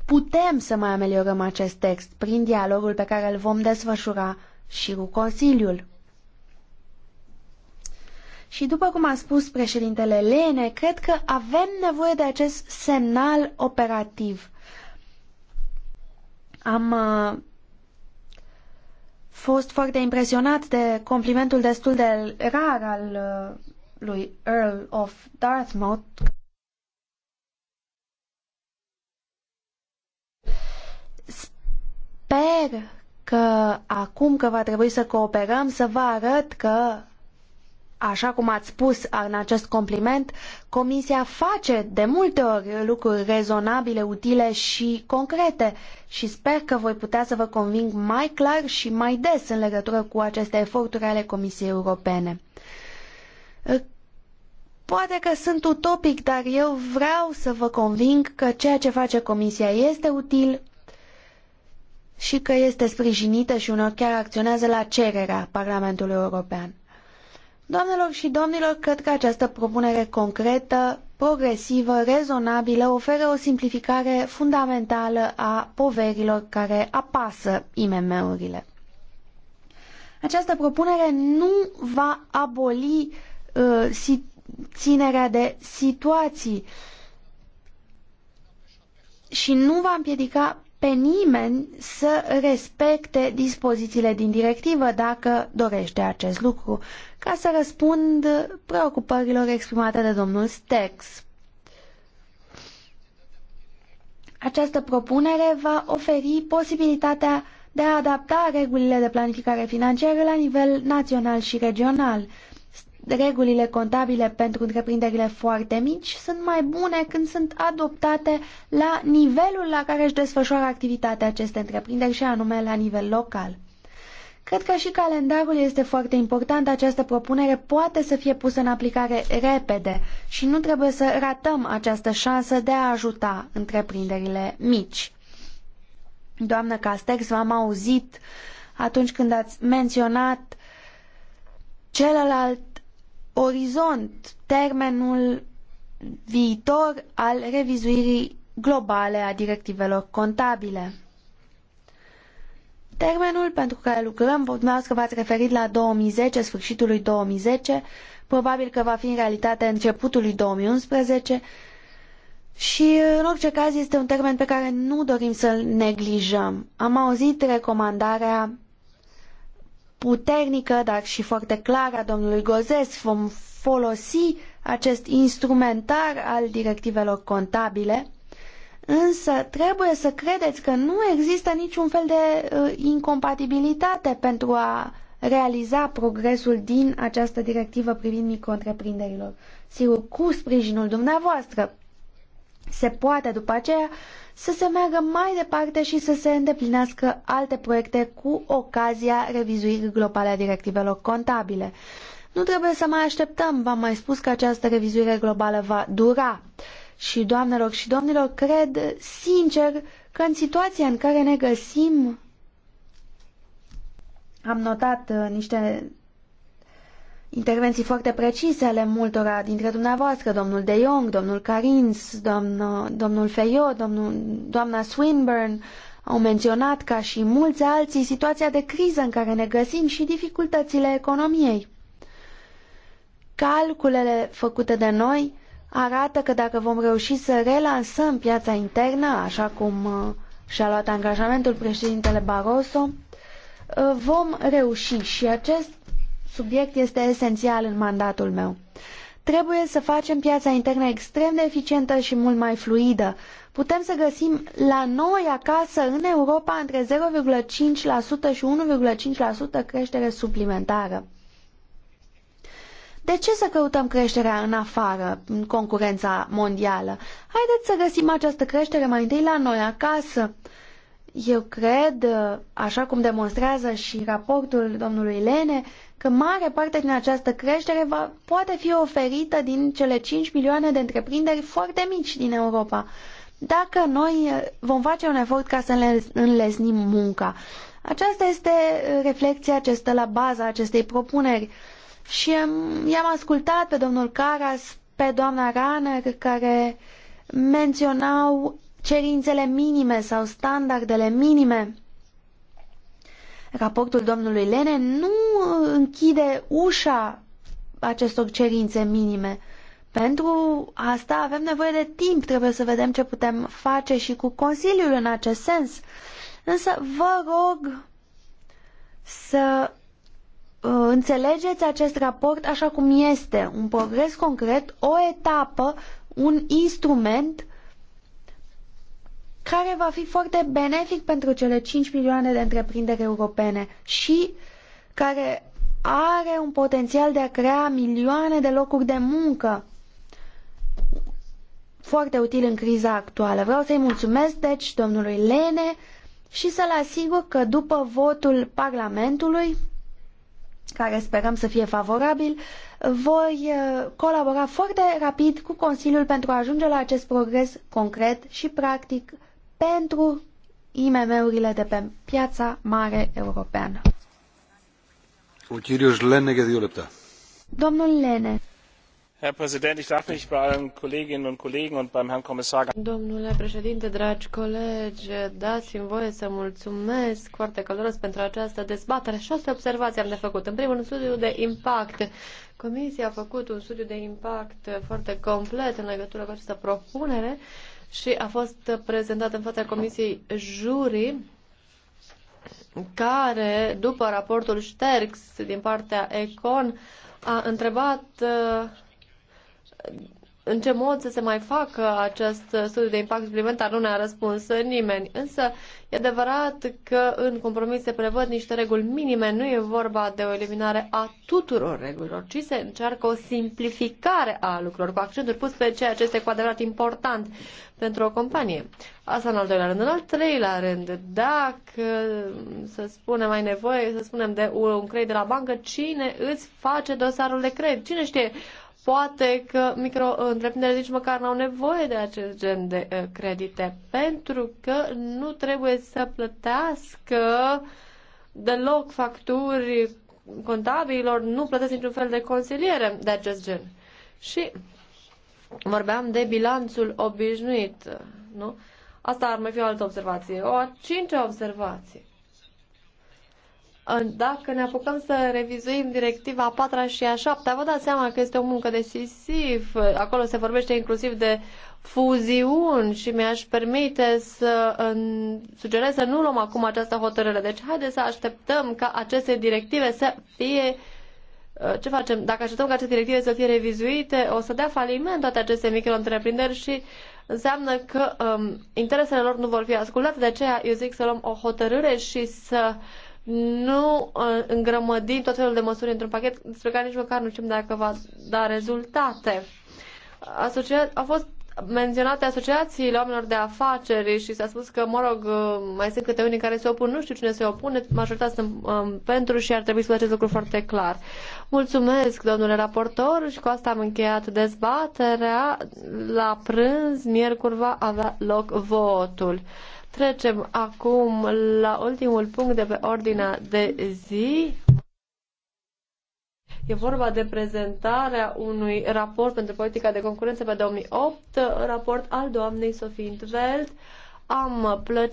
[SPEAKER 3] putem să mai ameliorăm acest text prin dialogul pe care îl vom desfășura și cu Consiliul. Și după cum a spus președintele Lene, cred că avem nevoie de acest semnal operativ. Am uh, fost foarte impresionat de complimentul destul de rar al uh, lui Earl of Dartmouth. Sper că acum că va trebui să cooperăm, să vă arăt că așa cum ați spus în acest compliment, Comisia face de multe ori lucruri rezonabile, utile și concrete și sper că voi putea să vă conving mai clar și mai des în legătură cu aceste eforturi ale Comisiei Europene. Poate că sunt utopic, dar eu vreau să vă conving că ceea ce face Comisia este util și că este sprijinită și unor chiar acționează la cererea Parlamentului European. Doamnelor și domnilor, cred că această propunere concretă, progresivă, rezonabilă oferă o simplificare fundamentală a poverilor care apasă IMM-urile. Această propunere nu va aboli uh, si ținerea de situații și nu va împiedica pe nimeni să respecte dispozițiile din directivă dacă dorește acest lucru ca să răspund preocupărilor exprimate de domnul Stex. Această propunere va oferi posibilitatea de a adapta regulile de planificare financiară la nivel național și regional. Regulile contabile pentru întreprinderile foarte mici sunt mai bune când sunt adoptate la nivelul la care își desfășoară activitatea aceste întreprinderi și anume la nivel local. Cred că și calendarul este foarte important. Această propunere poate să fie pusă în aplicare repede și nu trebuie să ratăm această șansă de a ajuta întreprinderile mici. Doamnă Castex, v-am auzit atunci când ați menționat celălalt orizont, termenul viitor al revizuirii globale a directivelor contabile. Termenul pentru care lucrăm, dumneavoastră v-ați referit la 2010, sfârșitul lui 2010, probabil că va fi în realitate începutul lui 2011 și în orice caz este un termen pe care nu dorim să-l neglijăm. Am auzit recomandarea puternică, dar și foarte clară a domnului Gozes. Vom folosi acest instrumentar al directivelor contabile Însă trebuie să credeți că nu există niciun fel de uh, incompatibilitate pentru a realiza progresul din această directivă privind micro-întreprinderilor. Sigur, cu sprijinul dumneavoastră se poate după aceea să se meargă mai departe și să se îndeplinească alte proiecte cu ocazia revizuirii globale a directivelor contabile. Nu trebuie să mai așteptăm, v-am mai spus că această revizuire globală va dura. Uh, și doamnelor și domnilor, cred sincer că în situația în care ne găsim am notat uh, niște intervenții foarte precise ale multora dintre dumneavoastră, domnul De Jong, domnul Carins, doamnă, domnul Feio, domnul, doamna Swinburne, au menționat ca și mulți alții situația de criză în care ne găsim și dificultățile economiei. Calculele făcute de noi arată că dacă vom reuși să relansăm piața internă, așa cum uh, și-a luat angajamentul președintele Barroso, uh, vom reuși și acest subiect este esențial în mandatul meu. Trebuie să facem piața internă extrem de eficientă și mult mai fluidă. Putem să găsim la noi acasă, în Europa, între 0,5% și 1,5% creștere suplimentară. De ce să căutăm creșterea în afară, în concurența mondială? Haideți să găsim această creștere mai întâi la noi acasă. Eu cred, așa cum demonstrează și raportul domnului Lene, că mare parte din această creștere va, poate fi oferită din cele 5 milioane de întreprinderi foarte mici din Europa. Dacă noi eh, vom face un efort ca să înlesnim munca. Aceasta este eh, reflexia ce stă la baza acestei propuneri și i-am ascultat pe domnul Caras, pe doamna Raner, care menționau cerințele minime sau standardele minime. Raportul domnului Lene nu închide ușa acestor cerințe minime. Pentru asta avem nevoie de timp, trebuie să vedem ce putem face și cu Consiliul în acest sens. Însă vă rog să Uh, înțelegeți acest raport așa cum este, un progres concret, o etapă, un instrument care va fi foarte benefic pentru cele 5 milioane de întreprinderi europene și care are un potențial de a crea milioane de locuri de muncă foarte util în criza actuală. Vreau să-i mulțumesc, deci, domnului Lene și să-l asigur că după votul Parlamentului care sperăm să fie favorabil, voi uh, colabora foarte rapid cu Consiliul pentru a ajunge la acest progres concret și practic pentru IMM-urile de pe piața mare europeană.
[SPEAKER 1] Domnul Lene herr präsident! ich darf mich bei allen kolleginnen und kollegen und beim herrn kommissar domnule președinte dragi colegi dați mi voie să mulțumesc foarte călduros pentru această dezbatere. șase observații am de făcut. în primul rând studiul de impact. comisia a făcut un studiu de impact foarte complet în legătură cu această propunere și a fost prezentat în fața comisiei juri care, după raportul Sterks din partea Econ, a întrebat uh, în ce mod să se mai facă acest studiu de impact suplimentar, nu ne-a răspuns nimeni. Însă, e adevărat că în compromis se prevăd niște reguli minime, nu e vorba de o eliminare a tuturor regulilor, ci se încearcă o simplificare a lucrurilor, cu accenturi pus pe ceea ce este cu adevărat important pentru o companie. Asta în al doilea rând. În al treilea rând, dacă, să spunem, ai nevoie, să spunem, de un credit de la bancă, cine îți face dosarul de credit? Cine știe Poate că micro întreprinderile nici măcar n-au nevoie de acest gen de uh, credite, pentru că nu trebuie să plătească deloc facturi contabililor, nu plătesc niciun fel de consiliere de acest gen. Și vorbeam de bilanțul obișnuit, uh, nu? Asta ar mai fi o altă observație. O a cincea observație dacă ne apucăm să revizuim directiva a patra și a șaptea, vă dați seama că este o muncă decisiv. Acolo se vorbește inclusiv de fuziuni și mi-aș permite să sugerez să nu luăm acum această hotărâre. Deci haideți să așteptăm ca aceste directive să fie uh, ce facem? Dacă așteptăm ca aceste directive să fie revizuite, o să dea faliment toate aceste micro-întreprinderi și înseamnă că um, interesele lor nu vor fi ascultate. De aceea eu zic să luăm o hotărâre și să uh, nu uh, îngrămădim tot felul de măsuri într-un pachet despre care nici măcar nu știm dacă va da rezultate. Asocia- au fost menționate asociațiile oamenilor de afaceri și s-a spus că, mă rog, uh, mai sunt câte unii care se opun, nu știu cine se opune, majoritatea sunt um, pentru și ar trebui să acest lucru foarte clar. Mulțumesc, domnule raportor, și cu asta am încheiat dezbaterea. La prânz, miercuri, va avea loc votul. Trecem acum la ultimul punct de pe ordinea de zi. E vorba de prezentarea unui raport pentru politica de concurență pe 2008, raport al doamnei Sofie Intveld. Am plăcere